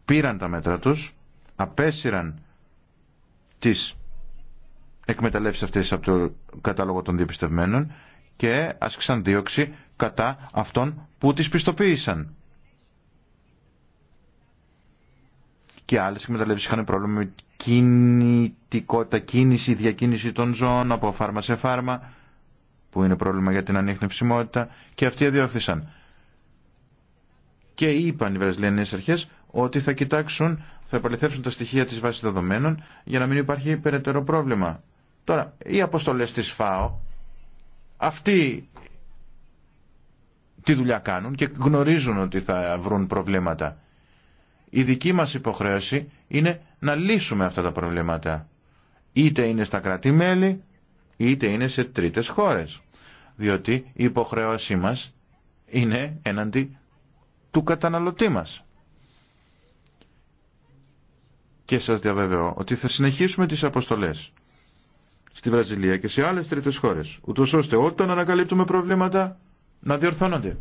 πήραν τα μέτρα τους, απέσυραν τις εκμεταλλεύσεις αυτές από το κατάλογο των διεπιστευμένων και άσκησαν δίωξη κατά αυτών που τις πιστοποίησαν. Και άλλες εκμεταλλεύσεις είχαν πρόβλημα με κινητικότητα, κίνηση, διακίνηση των ζώων από φάρμα σε φάρμα, που είναι πρόβλημα για την ανείχνευσιμότητα, και αυτοί αδιώχθησαν. Και είπαν οι Βραζιλιανές αρχές ότι θα κοιτάξουν, θα επαληθεύσουν τα στοιχεία της βάσης δεδομένων για να μην υπάρχει περαιτέρω πρόβλημα. Τώρα, οι αποστολές της ΦΑΟ αυτοί τη δουλειά κάνουν και γνωρίζουν ότι θα βρουν προβλήματα. Η δική μας υποχρέωση είναι να λύσουμε αυτά τα προβλήματα. Είτε είναι στα κράτη-μέλη είτε είναι σε τρίτες χώρες. Διότι η υποχρέωσή μας είναι έναντι του καταναλωτή μας. Και σας διαβεβαιώ ότι θα συνεχίσουμε τις αποστολές στη Βραζιλία και σε άλλες τρίτες χώρες, ούτως ώστε όταν ανακαλύπτουμε προβλήματα να διορθώνονται.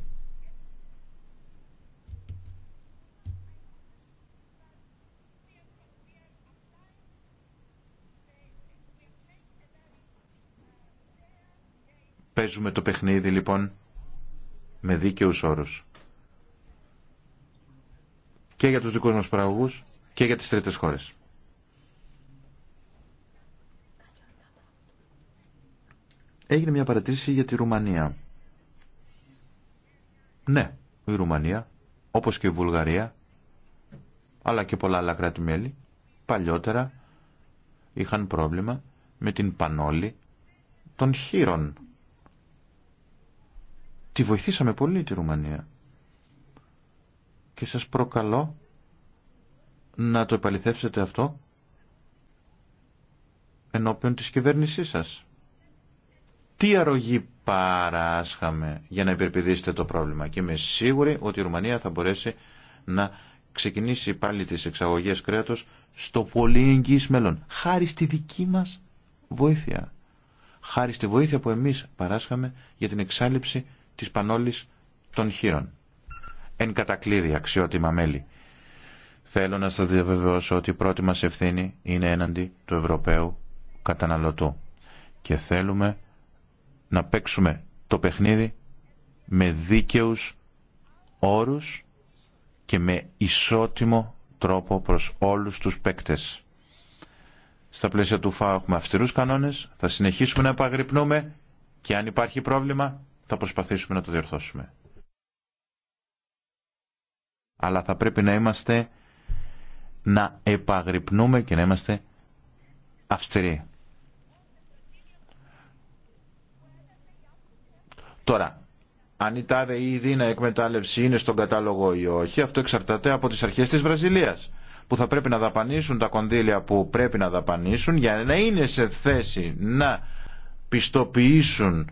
Παίζουμε το παιχνίδι λοιπόν με δίκαιους όρους. Και για τους δικούς μας παραγωγούς και για τις τρίτες χώρες. Έγινε μια παρατήρηση για τη Ρουμανία. Ναι, η Ρουμανία, όπως και η Βουλγαρία, αλλά και πολλά άλλα κράτη-μέλη, παλιότερα είχαν πρόβλημα με την πανόλη των χείρων. Τη βοηθήσαμε πολύ τη Ρουμανία. Και σας προκαλώ να το επαληθεύσετε αυτό ενώπιον της κυβέρνησής σας τι αρρωγή παράσχαμε για να υπερπηδήσετε το πρόβλημα. Και είμαι σίγουρη ότι η Ρουμανία θα μπορέσει να ξεκινήσει πάλι τις εξαγωγές κρέατος στο πολύ εγγύης μέλλον. Χάρη στη δική μας βοήθεια. Χάρη στη βοήθεια που εμείς παράσχαμε για την εξάλληψη της πανόλης των χείρων. Εν κατακλείδη αξιότιμα μέλη. Θέλω να σας διαβεβαιώσω ότι η πρώτη μας ευθύνη είναι έναντι του Ευρωπαίου καταναλωτού. Και θέλουμε να παίξουμε το παιχνίδι με δίκαιους όρους και με ισότιμο τρόπο προς όλους τους παίκτες. Στα πλαίσια του ΦΑΟ έχουμε αυστηρούς κανόνες, θα συνεχίσουμε να επαγρυπνούμε και αν υπάρχει πρόβλημα θα προσπαθήσουμε να το διορθώσουμε. Αλλά θα πρέπει να είμαστε να επαγρυπνούμε και να είμαστε αυστηροί. Τώρα, αν η τάδε ή η δίνα εκμετάλλευση είναι στον κατάλογο ή όχι, αυτό εξαρτάται από τις αρχές της Βραζιλίας που θα πρέπει να δαπανίσουν τα κονδύλια που πρέπει να δαπανίσουν για να είναι σε θέση να πιστοποιήσουν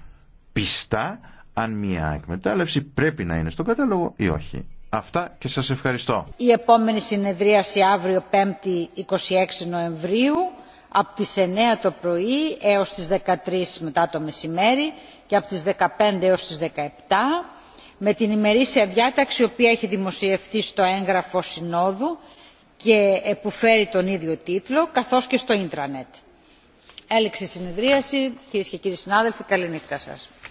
πιστά αν μια εκμετάλλευση πρέπει να είναι στον κατάλογο ή όχι. Αυτά και σας ευχαριστώ. Η επόμενη συνεδρίαση αύριο 5η 26 Νοεμβρίου από τις 9 το πρωί έως τις 13 μετά το μεσημέρι και από τις 15 έως τις 17 με την ημερήσια διάταξη η οποία έχει δημοσιευτεί στο έγγραφο συνόδου και που φέρει τον ίδιο τίτλο καθώς και στο ίντρανετ. Έληξε η συνεδρίαση. Κυρίες και κύριοι συνάδελφοι, καλή σας.